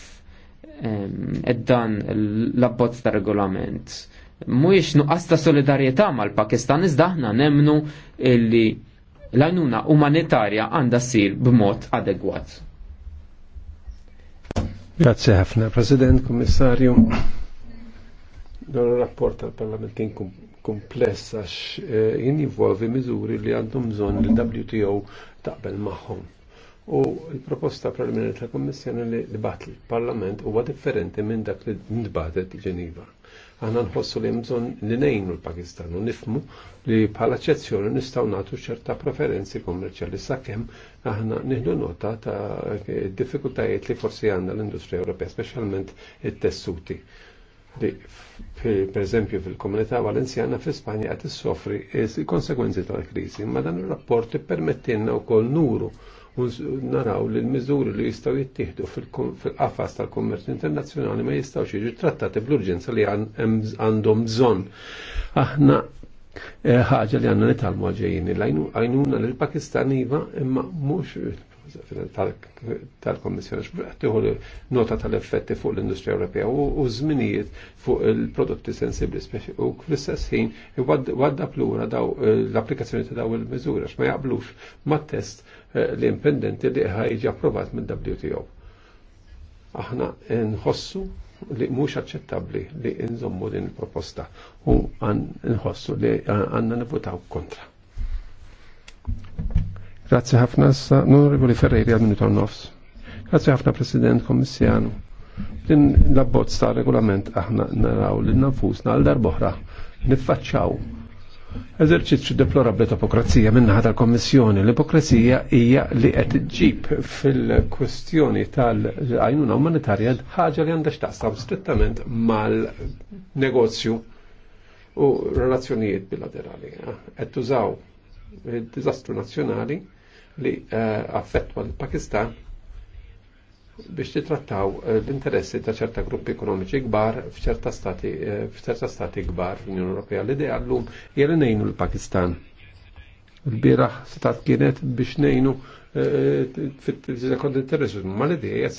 ehm, ed dan l-abbozz ta' regolament mhuwiex nuqqas ta' solidarjetà mal-Pakistan iżda aħna nemnu illi l-għajnuna umanitarja għandha ssir b'mod adegwat. Grazie ħafna, President, Kommissarju. Dan rapport tal-Parlament kien kompless għax eh, jien jinvolvi miżuri li għandhom bżonn li WTO taqbel magħhom. U l-proposta preliminari tal-Kommissjoni li bat il-Parlament huwa differenti minn dak li nbatet Ġeniva. Aħna nħossu li bżonn li nejnu l-Pakistan u nifmu li bħala ċezzjoni nistgħu nagħtu ċerta preferenzi kummerċjali sakemm aħna nieħdu nota ta' diffikultajiet li forsi għanna l-industrija Ewropea, speċjalment it-tessuti li per eżempju fil-komunità valenzjana fi Spanja qed issofri konsekwenzi tal-kriżi, ma dan ir-rapport u wkoll nuru u naraw li l-miżuri li jistgħu jittieħdu fil-qafas tal kommerċ internazzjonali ma jistaw jiġu trattati bl-urġenza li għandhom bżonn. Aħna eh, ħaġa li għandna nitalmu għalġejjin għajnuna lill pakistan iva imma mhux tal-Kommissjoni x'breqt nota tal-effetti fuq l-Industrija Ewropea u żminijiet fuq il-prodotti sensibbli u fl-istess ħin wadda plura l-applikazzjoni ta' daw il-miżura x'ma jaqblux mat-test Eh, li impendenti li ħajġi approvat minn WTO. Aħna nħossu li mhux aċċettabbli li nżommu din il-proposta u nħossu li għandna nivutaw kontra. Grazie ħafna sa Onorevoli Ferreri għal minuta nofs. Grazie ħafna President Komissjanu. Din l-abbozz ta' regolament aħna naraw li nafusna għal darboħra nifacċaw Eżerċizzju deplorabli ta' ipokrazija naħa tal-Kommissjoni. L-ipokrazija hija li qed ġib fil-kwestjoni tal-għajnuna umanitarja ħaġa li għandha x'taqsam strettament mal-negozju u relazzjonijiet bilaterali. Qed tużaw id diżastru nazzjonali li eh, affettwa l-Pakistan biex titrattaw eh, l-interessi ta' ċerta gruppi ekonomiċi kbar f'ċerta stati eh, f'ċerta stati kbar fl-Unjoni Ewropea. L-idea llum hija li ngħinu l-Pakistan. Il-bieraħ stat kienet biex ngħinu fit-sekond eh, terrorizmu, ma l-idea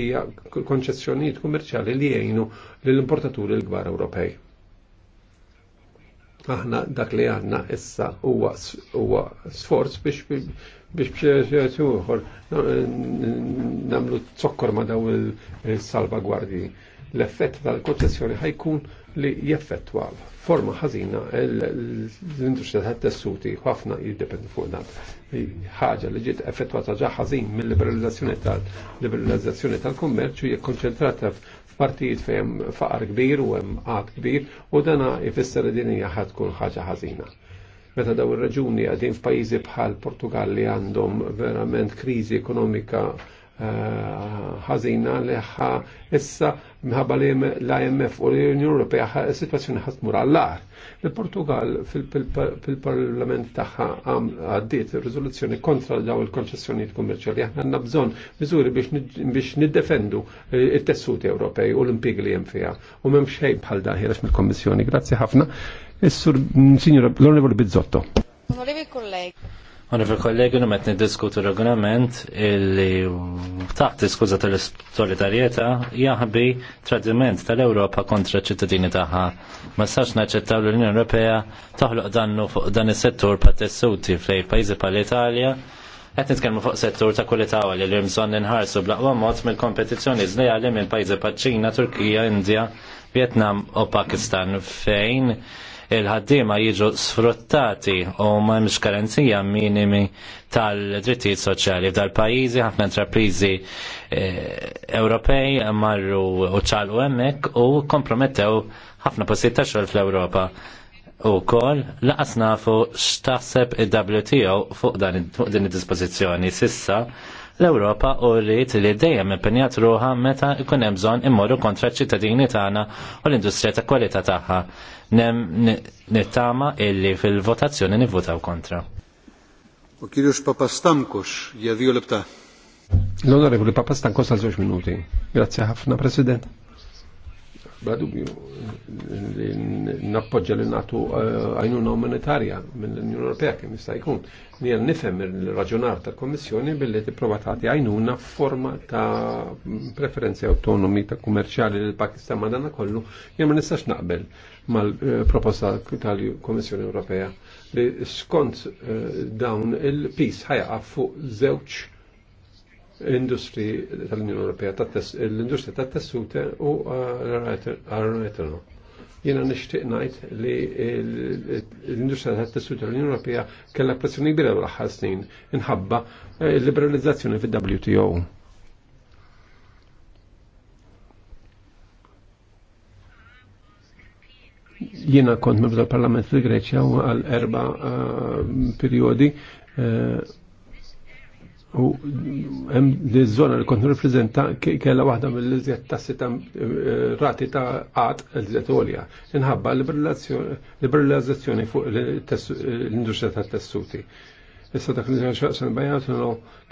hija konċessjonijiet kummerċjali li jgħinu lill-importaturi l-kbar Ewropej. Aħna dak li għandna issa huwa sforz biex biex uħor namlu t-sokkor ma daw il-salvagwardji. L-effett tal-konċessjoni ħajkun li jeffettwa forma ħażina l-industrija tal tessuti ħafna jiddependi fuq dan. Ħaġa li ġiet effettwata ġa ħażin mill-liberalizzazzjoni tal-liberalizzazzjoni tal-kummerċu hija konċentrata f'partijiet fejn faqar kbir u hemm għad kbir u dana jfisser din hija ħadd tkun ħaġa ħażina meta daw ir-raġuni għadin f'pajjiżi bħal Portugal li għandhom verament kriżi ekonomika eh, ħażina li ħa issa mħabba li l-IMF u l-Unjoni Ewropea ħa situazzjoni ħat mur għall-ar. Il-Portugal fil-parlament tagħha għaddiet riżoluzzjoni kontra daw il-konċessjonijiet kummerċjali. Aħna għandna bżonn miżuri biex niddefendu eh, it-tessuti Ewropej u l-impjiegi li hemm fiha. U m'hemm xejn bħal għax mill-Kommissjoni. Grazzi ħafna. Is-sur e Signora l-Onorevole Bizzotto. Onorevoli kollegi. Onorevoli kollegi, nu metni regolament illi taħt diskuza tal-solidarieta jaħbi tradiment tal-Europa kontra ċittadini taħħa. Ma sax naċċettaw l-Unjoni Ewropea toħloq dannu fuq dan is-settur patessuti tessuti fej pajjiżi pal-Italja Għet nitkellmu fuq settur ta' kwalità għalli li mżon nħarsu blaqwa mod mill-kompetizzjoni zlejali minn pajjiżi paċ-Ċina, Turkija, Indja, Vietnam u Pakistan fejn il-ħaddiema jiġu sfruttati u ma mhix garanzija minimi tal-drittijiet soċjali. F'dal pajjiżi ħafna intrapriżi eh, Ewropej marru u ċalu hemmhekk u kompromettew ħafna postijiet ta' xogħol fl-Ewropa. U kol, laqas nafu x'taħseb il-WTO fuq din id-dispożizzjoni sissa l-Ewropa u rrit li dejjem impenjat ruħa meta ikun hemm bżonn immorru kontra ċ-ċittadini tagħna u l-industrija ta' kwalità tagħha. Nem nittama illi fil-votazzjoni nivvotaw kontra. U kirjux Papastamkos, jadiju libta. L-onorevoli Papastamkos għal minuti. Grazie ħafna, President bla dubju li nappoġġa li natu eh, għajnuna umanitarja mill-Unjoni Ewropea kemm jista' jkun. Nija nifhem il-raġunar tal-Kommissjoni billi tipprova tagħti għajnuna forma ta' preferenzi autonomi ta' kummerċjali lil Pakistan madana kollu jew ma nistax naqbel mal-proposta tal-Kommissjoni Ewropea li skont eh, dawn il-pis ħajqa fuq żewġ industri tal-Unjoni Ewropea l-industri tat tessuta u uh, l rajtuna Jiena nixtieq ngħid li l industri tat tessuta tal-Unjoni Ewropea kellha pressjoni kbira l snin inħabba l-liberalizzazzjoni eh, fid-WTO. Jiena kont membru tal-Parlament fil-Greċja u għal erba' eh, periodi eh, U hemm li żona li kont nirrappreżenta kellha waħda mill-iżjed tassi ta' eh, rati ta' qatt l-iżjed għolja. Inħabba liberalizzazzjoni fuq l-industrija tat-tessuti. Issa dak li xaqsan bajat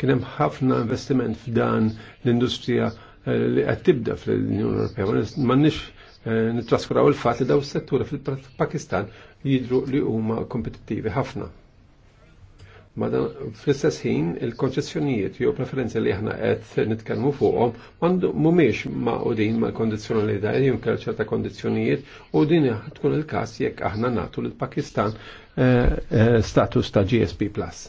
kien hemm ħafna investiment f'dan l-industrija eh, li qed tibda fl-Unjoni Ewropea. M'għandniex eh, nittraskuraw il-fatt li daw s-setturi fil-Pakistan jidru li huma kompetittivi ħafna. Ma fl-istess ħin il-konċessjonijiet jew preferenzi li aħna qed nitkellmu fuqhom għandu mhumiex maqudin mal-kondizzjonalità jinkar ċerta kondizzjonijiet u din tkun il-każ jekk aħna nagħtu lill-Pakistan eh, eh, status ta' GSP Plus.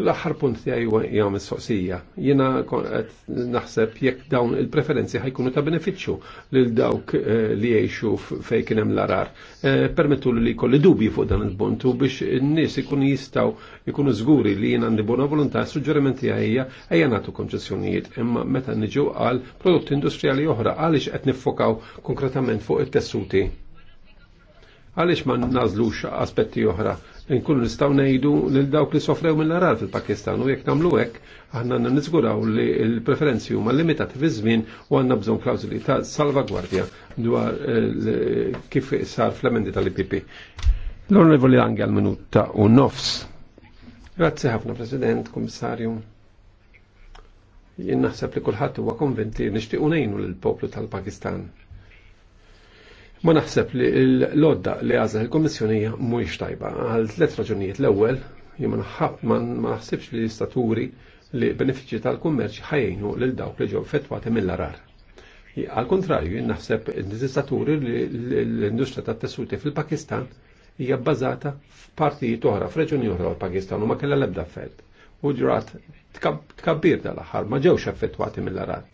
L-aħħar punt tiegħi hija mistoqsija. Jiena qed naħseb jekk dawn il-preferenzi ħajkunu ta' benefiċċju lil dawk eh, li jgħixu fejn kien hemm l-arar. Eh, permettu li jkolli dubji fuq dan il puntu biex in-nies ikunu jistgħu jkunu żguri li jien għandi bona volontà, suġġerimenti hija ejja nagħtu konċessjonijiet imma meta niġu għal prodotti industrijali oħra għaliex qed niffokaw konkretament fuq it-tessuti Għaliex ma nażlux aspetti oħra nkunu nistgħu ngħidu lil dawk li sofrew mill-arar fil-Pakistan u jekk nagħmlu hekk aħna niżguraw li l-preferenzi huma limitati fi żmien u għandna bżonn klawżuli ta' salvagwardja dwar eh, kif sar fl-emendi tal-IPP. L-Onorevoli Angel minuta u nofs. Grazzi ħafna President, Komissarju. Jien naħseb li kulħadd huwa konvinti nixtiequ ngħinu lill poplu tal-Pakistan Ma naħseb li l-lodda li għazah il komissjonija mhuwiex tajba għal tliet raġunijiet. L-ewwel, jien ma naħsibx li staturi li benefiċċji tal-kummerċ ħajjinu lil dawk li ġew fetwati mill-arar. Għal kontrarju, naħseb l-istaturi li l-industrija tat-tessuti fil-Pakistan hija bbażata f'partijiet oħra, f'reġuni oħra l-Pakistan u ma kellha l-ebda fed. U ġrat tkabbir dal-aħħar ma ġewx effettwati mill-arar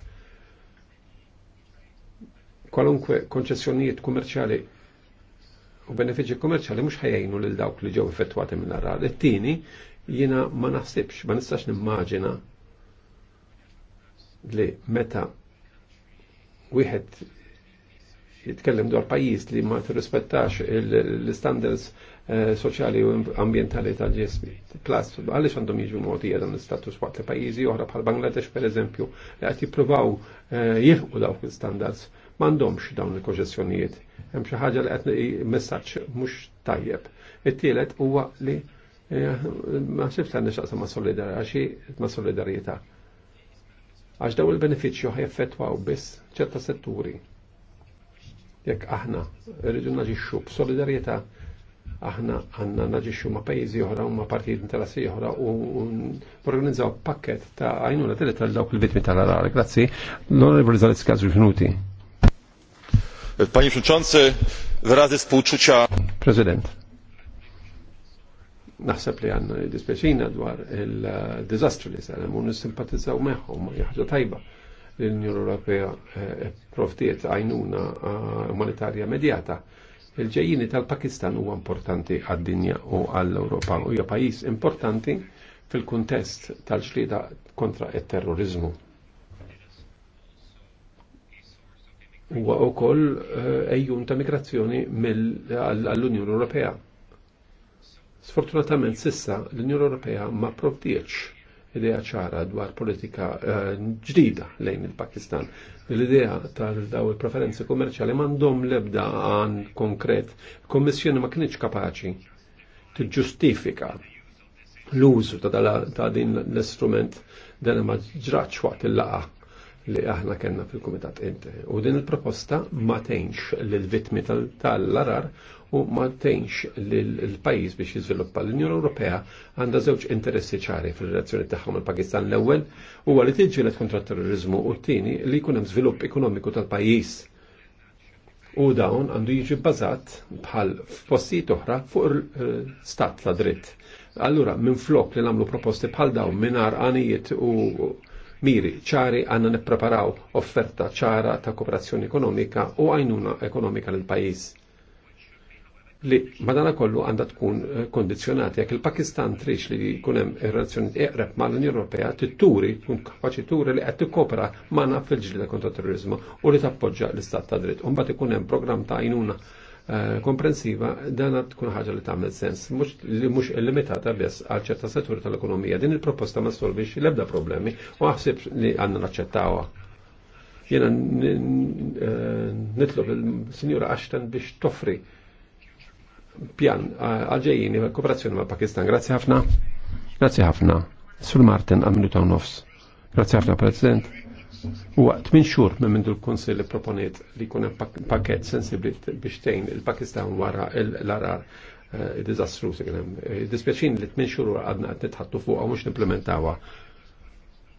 kwalunkwe konċessjonijiet kummerċjali u benefiċi kummerċjali mhux ħajjinu lil dawk li ġew effettwati minn arar. It-tieni jiena ma naħsibx, ma nistax nimmaġina li meta wieħed jitkellem dwar pajjiż li ma tirrispettax l-standards eh, soċjali u ambientali tal-ġismi. Plus, għaliex għandhom jiġu modi dan l-status waqt li pajjiżi oħra bħal Bangladesh per eżempju li qed jippruvaw eh, jieħu dawk l-standards m'għandhomx dawn il-konċessjonijiet. Hemm xi ħaġa li qed messaġġ mhux tajjeb. It-tielet huwa li eh, ma sibx għandna xaqsa ma' solidarjetà ma' solidarjetà. Għax daw il-benefiċċju ħajaffettwaw biss ċerta setturi. Jekk aħna rridu naġixxu b'solidarjetà aħna għanna naġixxu ma' pajjiżi oħra u ma' partijiet interessi oħra u organizzaw pakket ta' għajnuna tal dawk il-vitmi tal-arar. Grazzi, l-onorevoli Zalitzka, minuti. Panie Przewodniczący, wyrazy współczucia. Prezydent. Naħseb li għanna dispjaċina dwar il-dizastru li sena, mun simpatizzaw meħu, ma jħagġa tajba l-Unjoni Ewropea eh, proftiet għajnuna eh, umanitarja medjata. Il-ġejjini tal-Pakistan huwa importanti għad-dinja u għall-Ewropa u hija pajjiż importanti fil-kuntest tal-ġlieda kontra it-terrorizmu. huwa wkoll eh, ejjun ta' migrazzjoni għall-Unjoni Ewropea. Sfortunatament sissa l-Unjoni Ewropea ma provdiex idea ċara dwar politika eh, ġdida lejn il-Pakistan. L-idea tal-daw il-preferenzi kommerċali mandom lebda għan konkret. Kommissjoni ma kienx kapaċi tiġġustifika l-użu ta' din l-istrument dan ma ġraċ waqt il-laqa li aħna kellna fil-Kumitat Inti. U din il-proposta ma tgħinx lill-vittmi tal larar u ma tgħinx lill-pajjiż biex jiżviluppa. L-Unjoni Ewropea għandha żewġ interessi ċari fir-relazzjoni tagħhom mal-Pakistan l-ewwel huwa li tiġġieled kontra terrorizmu u t-tieni li jkun hemm żvilupp ekonomiku tal-pajjiż. U dawn għandu jiġi bbażat bħal f'postijiet oħra fuq eh, stat ta' dritt. Allura, minn flok li namlu proposti bħal dawn minn għanijiet u miri ċari għanna nippreparaw offerta ċara ta' kooperazzjoni ekonomika u għajnuna ekonomika lil pajjiż li madana kollu għanda tkun eh, kondizjonati jekk il-Pakistan trix li kunem relazzjoni eqreb ma l-Unjoni Ewropea titturi kun kapaċi turi li qed tikkopera manna fil-ġlida kontra terrorizmu u li tappoġġa l-istat ta' dritt. Imbagħad ikun hemm programm ta' għajnuna Eh, komprensiva dana tkun ħaġa li tagħmel sens, mhux limitata biss għal ċerta settur tal-ekonomija. Din il-proposta ma solvix l-ebda problemi u aħsib li għandna naċċettawha. Jiena eh, nitlob il-Sinjura Ashton biex toffri pjan eh, għalġejjini kooperazzjoni ma' Pakistan. Grazzi ħafna. Grazzi ħafna. Sul Martin għamilu ta' nofs. Grazzi ħafna, President. U Huwa tmien xhur minn mindu konsil li proponiet li jkun pakket sensibli biex tejn il-Pakistan wara l-arar eh, diżastru se kien hemm. Dispjaċin li tmien xhur għadna qed nitħattu fuqha mhux implementawa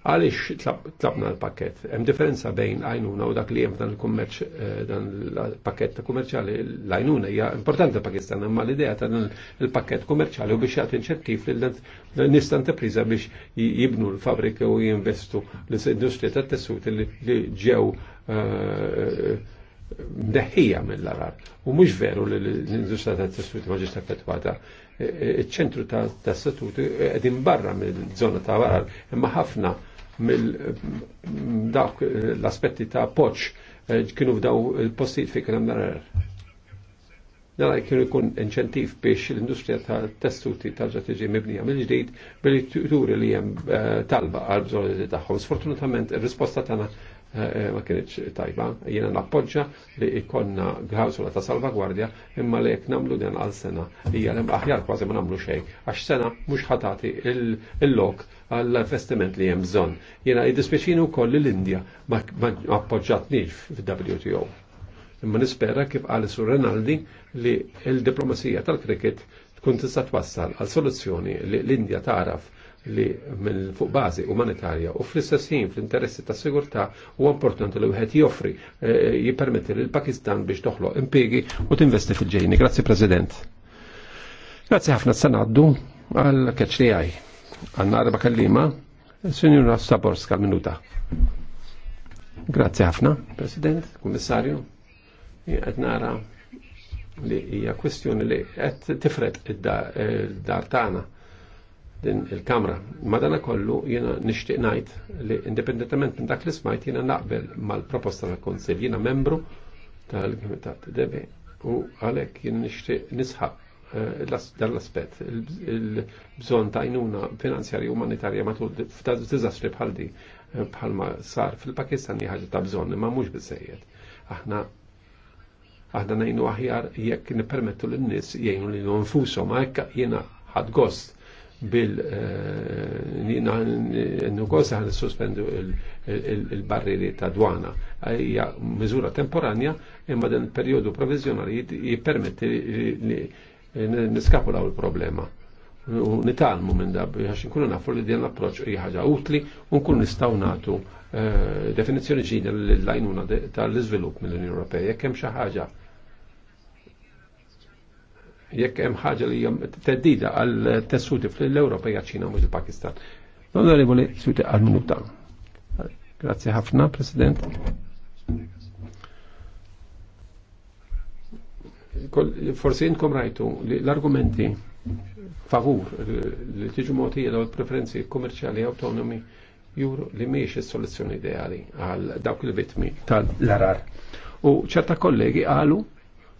Għalix tlabna l-pakket? Hemm differenza bejn għajnuna u dak li hemm eh, dan il-kummerċ dan il-pakket ta' kummerċali. L-għajnuna hija importanti Pakistan, imma l-idea ta' dan il-pakket kummerċali u biex jagħti inċentiv lil nista' ta' biex jibnu l-fabrika u jinvestu l-industrija tat-tessut li ġew eh, mdeħħija mill-arar. U mhux veru li l-industrija ta' tessuti ma ta' fetwata eh, Iċ-ċentru ta' statuti edin barra mill-żona ta' arar, imma ħafna mill-dawk l-aspetti ta' poċ eh, kienu f'daw il-postijiet fi kienem narar. Nara kienu jkun inċentiv biex l-industrija ta' testuti ta' ġateġi mibnija mill-ġdijt bil turi li jem eh, talba għal bżonni tagħhom. Sfortunatament, il-risposta tagħna Eh, eh, ma kienieċ tajba. Jiena nappoġġa li ikonna klawsola ta' salvagwardja imma li jekk nagħmlu din għal sena hija l aħjar kważi ma nagħmlu xejn għax sena mhux ħatati il-lok għall-investiment li hemm bżonn. Jiena jiddispjaċini wkoll li l-Indja ma appoġġatniex fil-WTO. Imma nispera kif qal Sur Renaldi li l-diplomazija tal-kriket tkun tista' twassal għal soluzzjoni li l-Indja taraf li minn fuq bazi umanitarja u fl-istessin fl-interessi ta' sigurtà u importanti li wieħed joffri eh, jippermetti lil Pakistan biex toħloq impiegi u tinvesti fil-ġejni. Grazzi President. Grazzi ħafna s-sanaddu għal keċ li għaj. Għanna arba kallima, s-sinjuna Sinjura Saborska minuta. Grazzi ħafna, President, Kummissarju. Qed nara li hija kwestjoni li qed tifred id-dar eh, tagħna din il-Kamra. Madana kollu jena nishtiq najt li independentament minn dak li smajt jena naqbel mal-proposta tal-Konsil, jena membru tal-Komitat Debe u għalek jena nishtiq nisħab eh, dal-aspet, il-bżon ta' jnuna finanzjarja umanitarja matul f'dizastri bħal di eh, bħalma sar fil-Pakistan jħagġa ta' bżon, ma mhux biżejjed. Aħna aħna najnu aħjar jekk nipermettu lin-nies jgħinu li nfushom, ma hekk jiena ħadd gost bil n negozja ħan suspendu il-barriri ta' dwana. Hija mizura temporanja imma dan periodu provizjonali jipermetti li niskapulaw il-problema. U nitalmu minn da biex nkunu nafu li din l-approċ hija utli u nkun nistgħu nagħtu definizzjoni ġdida l-lajnuna tal izvilup mill-Unjoni Ewropea jekk hemm xi ħaġa jekk hemm ħaġa li hija teddida għal tessuti fl-Ewropa hija ċina mhux il-Pakistan. Onorevoli Suti għal minuta. Grazie ħafna, President. Forsi inkom rajtu li l-argumenti favur li tiġu moti l preferenzi kommerċali autonomi juru li miex il soluzzjoni ideali għal dawk il-vitmi tal-arar. U ċerta kollegi għalu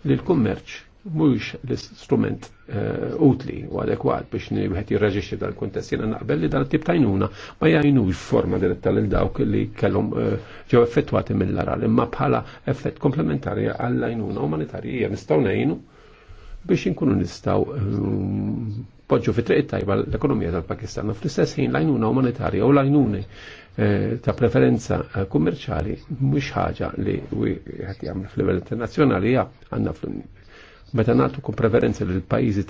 li l-kummerċ mhux l-istrument eh, utli u adekwat biex wieħed jirreġixxi dal kuntest jiena naqbel li dan tip tajnuna ma jgħinux forma diretta lil dawk li kellhom eh, ġew effettwati mill-aral imma bħala effett komplementari għall-għajnuna umanitarija nistgħu ngħinu biex inkunu nistgħu eh, poġġu fi triq tajba l-ekonomija tal-Pakistan. Fl-istess ħin l-għajnuna umanitarja u l-għajnuni ta' preferenza kummerċali mhux ħaġa li qed jagħmel fl-livell internazzjonali hija għandna fl-Unjoni Meta nagħtu kun preferenza lil pajjiżi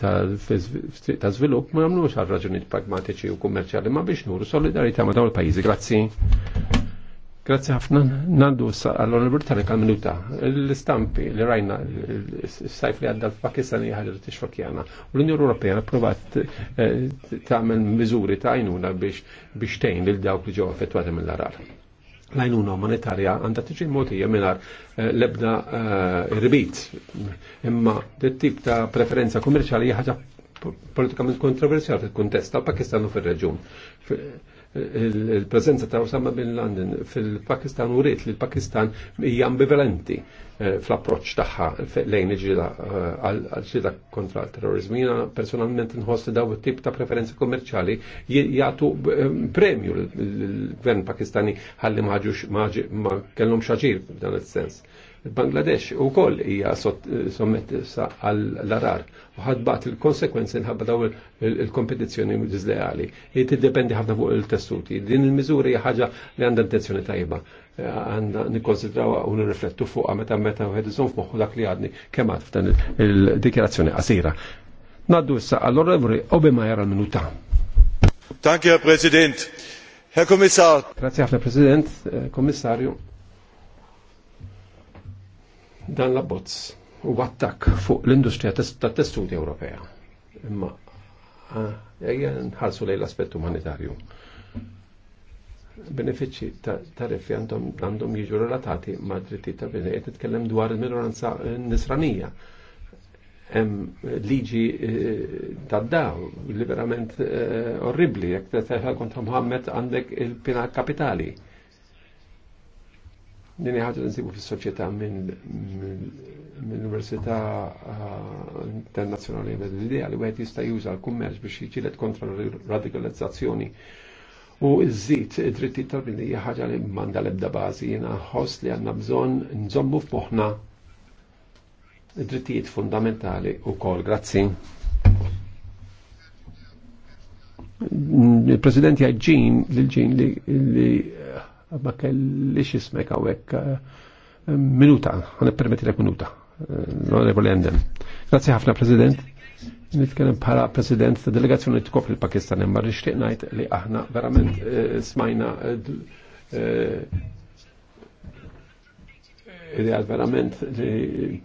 ta' żvilupp ma jagħmlux għal raġunijiet pragmatiċi u kummerċjali ma biex nuru solidarità ma' dawn il-pajjiżi. Grazzi. Grazzi ħafna nandu għall-Onorevoli Tarek għal-minuta. L-istampi li rajna s-sajf li għadda l-Pakistan jħadda t-tixfakjana. U l-Unjoni Ewropea provat eh, tagħmel miżuri ta' għajnuna biex tgħin lil dawk li ġew affettwati mill-arar l-għajnuna monetarja għandha tiġi motija minar eh, lebda eh, ribit. Imma dit-tip ta' preferenza kummerċali ħaġa politikament kontroversjali fil-kuntest tal-Pakistan fil-reġun il-prezenza ta' Osama bin Laden fil-Pakistan u rrit li l-Pakistan hija ambivalenti eh, fl approċċ tagħha lejn il eh, għal-ġida kontra l-terrorizmu. Jiena personalment nħoss li daw it-tip ta' preferenzi kommerċali jagħtu eh, premju l-gvern Pakistani ħalli ma kellhom xaġir f'dan is-sens. Bangladesh u koll hija sommettisa għall-arar u ħadbat il-konsekwenzi nħabba daw il-kompetizzjoni disleali. Li tiddependi ħafna fuq il-tessuti. Din il-miżuri ħaġa li għandha intenzjoni tajba. Eh, għandna nikkonsidraw u nirriflettu fuqha meta meta u iżomm f'moħħu dak li għadni kemm f'dan il dikjerazzjoni qasira. Naddu issa għall u Obima jara minuta. Danke, Herr Präsident. Herr Kommissar. Grazie, Herr Präsident, eh, Kommissarju Dan l-abbozz u attakk fuq l-industrija ta' tessuti Ewropea. Imma ah, ejja nħarsu lej l-aspett umanitarju. ta' tariffi għandhom jiġu relatati ma' dritti ta' bini qed nitkellem dwar il-minoranza eh, nisranija. Em, liġi eh, ta' daw liberament verament eh, orribli jekk teħel kontra Muhammed għandek il-pina kapitali. Din ħat li nsibu fis-soċjetà mill-Università eh, Internazzjonali l-idea li wieħed jista' juża l-kummerċ biex jiġilet kontra l radikalizzazzjoni u żżid id dritti tal-bini hija ħaġa li manda l-ebda bażi jiena ħoss li għandna bżon nżommu f'moħħna id-drittijiet fundamentali u kol. Grazzi. Il-President jgħid ġin lil ġin li ma kellix ismek għawek minuta, għan permetti l minuta. L-Onorevole Endem. Grazie ħafna, President. Nitkellem bħala President ta' delegazzjoni tkopri l-Pakistan, ma' nixtieq ngħid li aħna verament eh, smajna eh, eh, li għad verament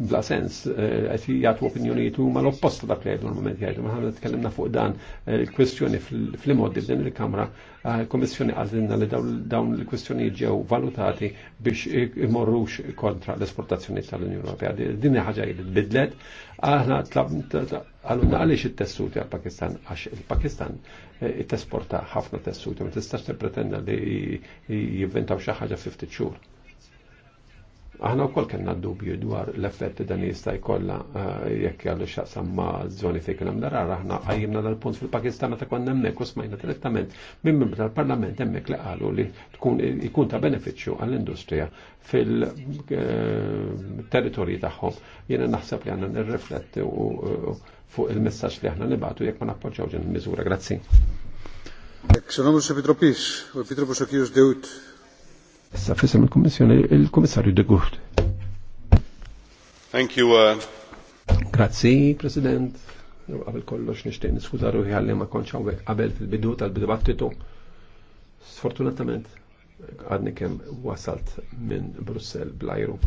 bla sens eh, għet jgħatu opinjonijiet ma l-opposta dak li għajdu l-moment jgħidu. Ma t-kellimna fuq dan eh, il-kwestjoni fil-modi f'din il-Kamra, eh, komissjoni għazinna li dawn il-kwestjoni ġew valutati biex imorrux kontra l-esportazzjoni tal-Unjoni Ewropea. Din ħaġa li bidlet, aħna għalunna għalix il tessuti għal-Pakistan, għax il-Pakistan it-tesporta ħafna tessuti, ma t-istax t pretenda li jivventaw xaħġa 50 xur. Aħna wkoll kena dubju dwar l-effetti dan jista' jkollha eh, jekk għallu x'aqsam ma' żoni fejn l hemm darar aħna qajjimna dal-punt fil-Pakistan ta' konna hemmhekk u smajna direttament minn membri tal-Parlament hemmhekk li qalu li tkun ikun ta' beneficju għall-industrija fil-territorji eh, tagħhom. Jiena naħseb li għandna nirrifletti fuq il-messaġġ li aħna nibatu jekk ma nappoġġawx il mizura Grazzi. Issa fissem il-Kommissjoni il-Kommissarju de Gucht. Thank you. Uh... Grazzi, President. Għabel kollox nishtiq niskuta ruħi ma konċ għabel fil-bidu tal-dibattitu. Sfortunatament, għadni kem wasalt minn Brussel blajru.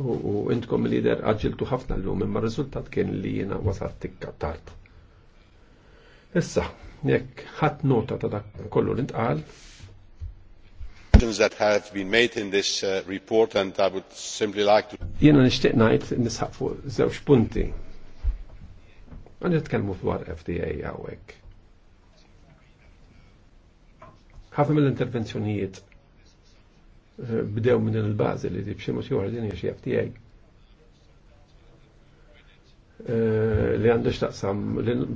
U intkom lider għagġiltu ħafna l-lum, imma r-rizultat kien li jena wasalt tikka tart. Issa, Jekk ħadd nota ta' dak kollu li ntqal. that have been made in this uh, report and I would simply like to Jiena nixtieq ngħid nisħaq fuq żewġ punti. Għan nitkellmu dwar FDA hawnhekk. ħafna mill-intervenzjonijiet uh, bdew minn il-bażi li b'xi mod joħra din hija FTA. Eh, li għandu xtaqsam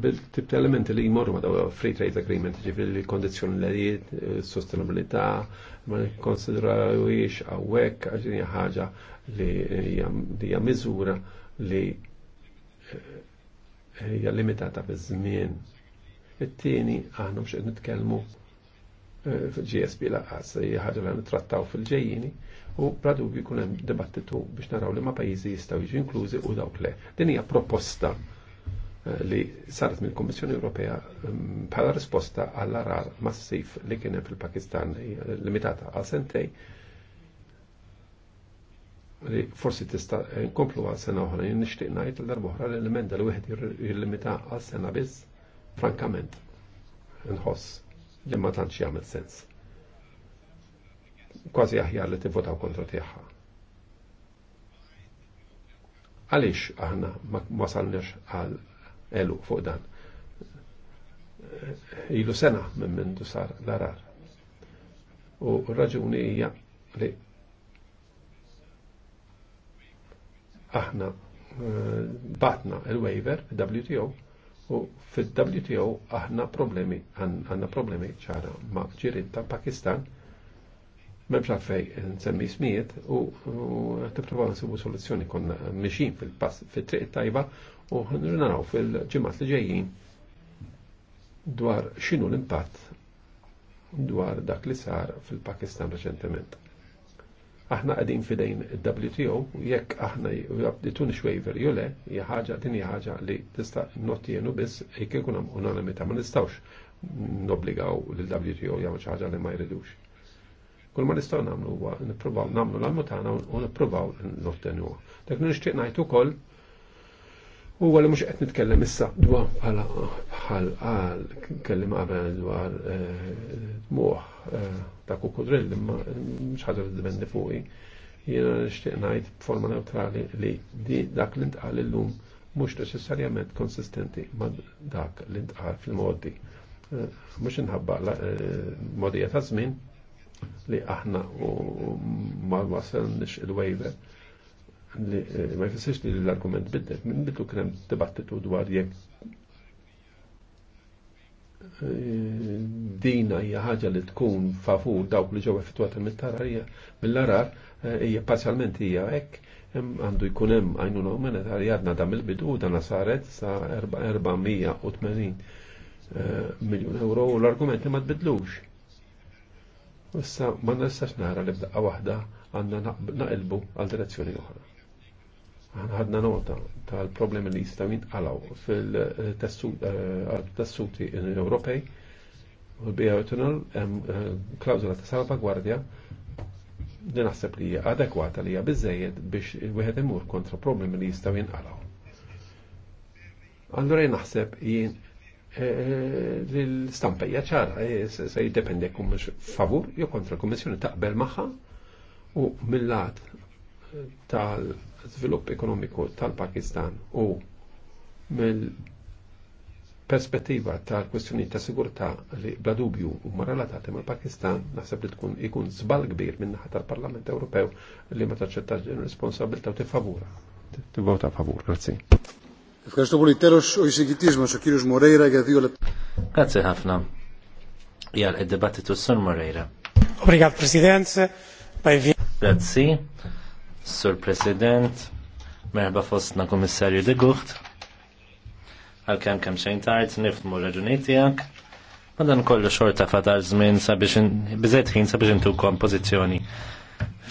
bil-tip ta' elementi li jmorru ma' free trade agreement, ġifri li kondizjoni l eh, sostenibilità, ma' konsiderawiex għawek, għaxin ħagġa li hija mizura li hija eh, limitata bi żmien. It-tieni aħna xed qed fil GSP laqas hija ħaġa li trattaw fil-ġejjini u pradu jkun hemm dibattitu biex naraw li ma pajjiżi jistgħu jiġu inklużi u dawk le. Din hija proposta eh, li saret minn kommissjoni Ewropea mm, bħala risposta għall arar massif li kien hemm fil-Pakistan eh, limitata għal sentej li forsi tista' nkomplu għal sena oħra jien nixtieq ngħid l darba oħra l-elementa li wieħed jirlimita għal sena biss frankament nħoss li ma tantx jagħmel sens kważi aħjar li tivvotaw kontra tiegħha. Għaliex aħna ma wasalniex għal elu fuq dan? Ilu sena minn mindu sar l-arar. U raġuni hija li aħna eh, batna il-waiver, WTO, U fil-WTO aħna problemi, għanna problemi ċara ma' ġirin ta' Pakistan memx għaffej nsemmi smijiet u t-provaw nsibu soluzzjoni kon mixin fil-pass fil-triq tajba u naraw fil-ġimat li ġejjin dwar xinu l-impatt dwar dak li sar fil-Pakistan reċentement. Aħna għadin fidejn il-WTO jekk aħna jabditun xwejver le jħagġa din jħagġa li tista' notjenu biss jekk ikun unanimita, ma nistawx nobligaw lill-WTO jgħamu xi ħaġa li ma jridux Kull ma nistaw namlu huwa nippruvaw namlu l-almutana u nippruvaw nottenuha. Dak nixtieq ngħid ukoll Huwa li mhux qed nitkellem issa dwar bħala bħal qal kellim qabel dwar dmuħ eh, eh, ta' kukudrill imma mhux ħaġa tiddependi fuqi. Jiena nixtieq ngħid b'forma neutrali li dak li ntqal illum mhux neċessarjament konsistenti ma' dak li ntqal fil-modi. Eh, mhux inħabba modija ta' żmien, li aħna u ma wasalniex il-waiver li eh, ma jfissirx li l-argument biddel. minn bidu krem dibattitu dwar jekk eh, dina hija ħaġa li tkun favur dawk li ġew effettwata mit-tararija mill-arar eh, hija parzjalment hija hekk għandu jkun hemm għajnuna umanitarja għadna dam il-bidu dan saret sa 480 miljon euro u l argumenti ma tbidlux Issa ma nistax nara li b'daqqa waħda għandna naqilbu għal direzzjoni oħra. Ħadna nota tal-problemi li jistgħu jinqalgħu fil-tessuti eh, Ewropej u l-bioetanol hemm eh, klawżola ta' salvagwardja li naħseb li hija adekwata li hija biżejjed biex wieħed imur kontra problemi li jistgħu jinqalgħu. Allura naħseb jien l stampeja ċara, eh, se jiddependi kum mhux favur jew kontra l ta' taqbel maħħa u mill-lat tal svilupp ekonomiku tal-Pakistan u mill-perspettiva tal-kwestjoni ta' sigurta li bla dubju huma relatati mal-Pakistan naħseb li tkun ikun żbal kbir min naħa tal-Parlament Ewropew li ma taċċettax responsabilta u tifavura. Tivvota favur, grazie. Ευχαριστώ πολύ. Moreira. Grazzi, Sur President, merħba fostna Komissarju de Gucht, għal kem kem xejn nift mu raġuniti għak. Madan kollu xorta fadal zmin sabiex bizet ħin sabiex intukom kompozizjoni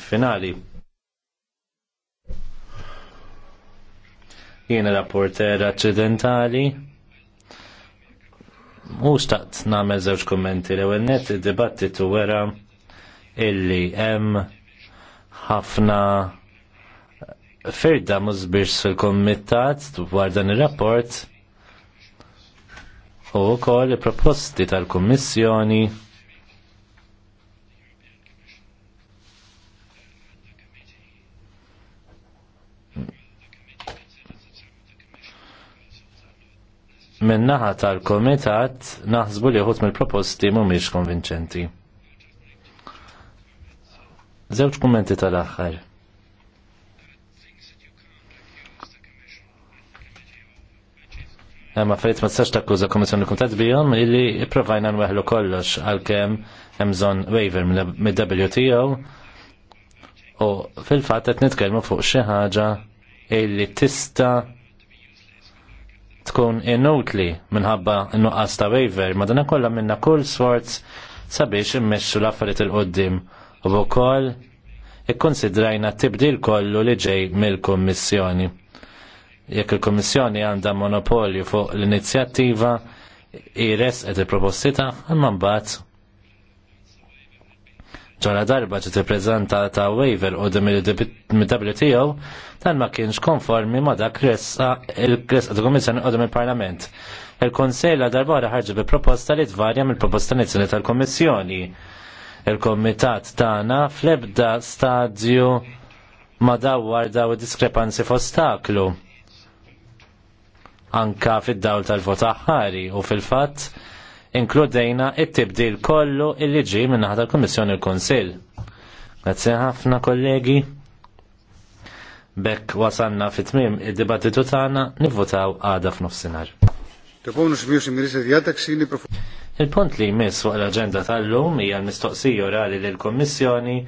finali. jiena rapporter accidentali. U xtaqt namel żewġ kummenti l ewwel il id-dibattitu wera illi hemm ħafna firda mużbirx fil kommittat dwar dan ir-rapport u wkoll il-proposti tal-Kummissjoni Min-naħa tal-komitat naħsbu li uħut mill-proposti mumiex konvinċenti. Zewċ kummenti tal-axħar. Imma fejt ma tistax takkuża komissjoni kumtad bijom illi ipprovajna nweħlu kollox għalkemm hemm jemżon waiver mid-WTO u fil-fatt qed nitkellmu fuq xi ħaġa illi tista' tkun inutli minħabba nuqqas ta' waiver, ma dana kollha minna kull sforz sabiex immexxu l-affarijiet il-qoddim u wkoll ikkonsidrajna tibdil kollu li ġej mill-Kummissjoni. Jekk il-Kummissjoni għandha monopolju fuq l-inizjattiva, ires qed il-proposti ta' imma mbagħad ġara darba t-prezenta ta' waiver u mid-dabli tiegħu dan ma kienx konformi ma da' kressa il-kressa komissjoni u d il-Parlament. Il-Konsell la darba ħarġu bi proposta li tvarja mill-proposta inizjali tal-Kummissjoni. Il-Komitat tagħna fl-ebda stadju ma dawwar daw diskrepanzi f'ostaklu anka fid-dawl tal-vot aħħari u fil-fatt inkludejna it-tibdil kollu illi ġi minn naħa tal-Kummissjoni l-Kunsill. Grazzi ħafna kollegi. Bekk wasanna fit-tmim id-dibattitu tagħna nivvotaw għada f'nofsinhar. Il-punt li jmiss fuq l-aġenda tal-lum hija l-mistoqsija orali lill-Kummissjoni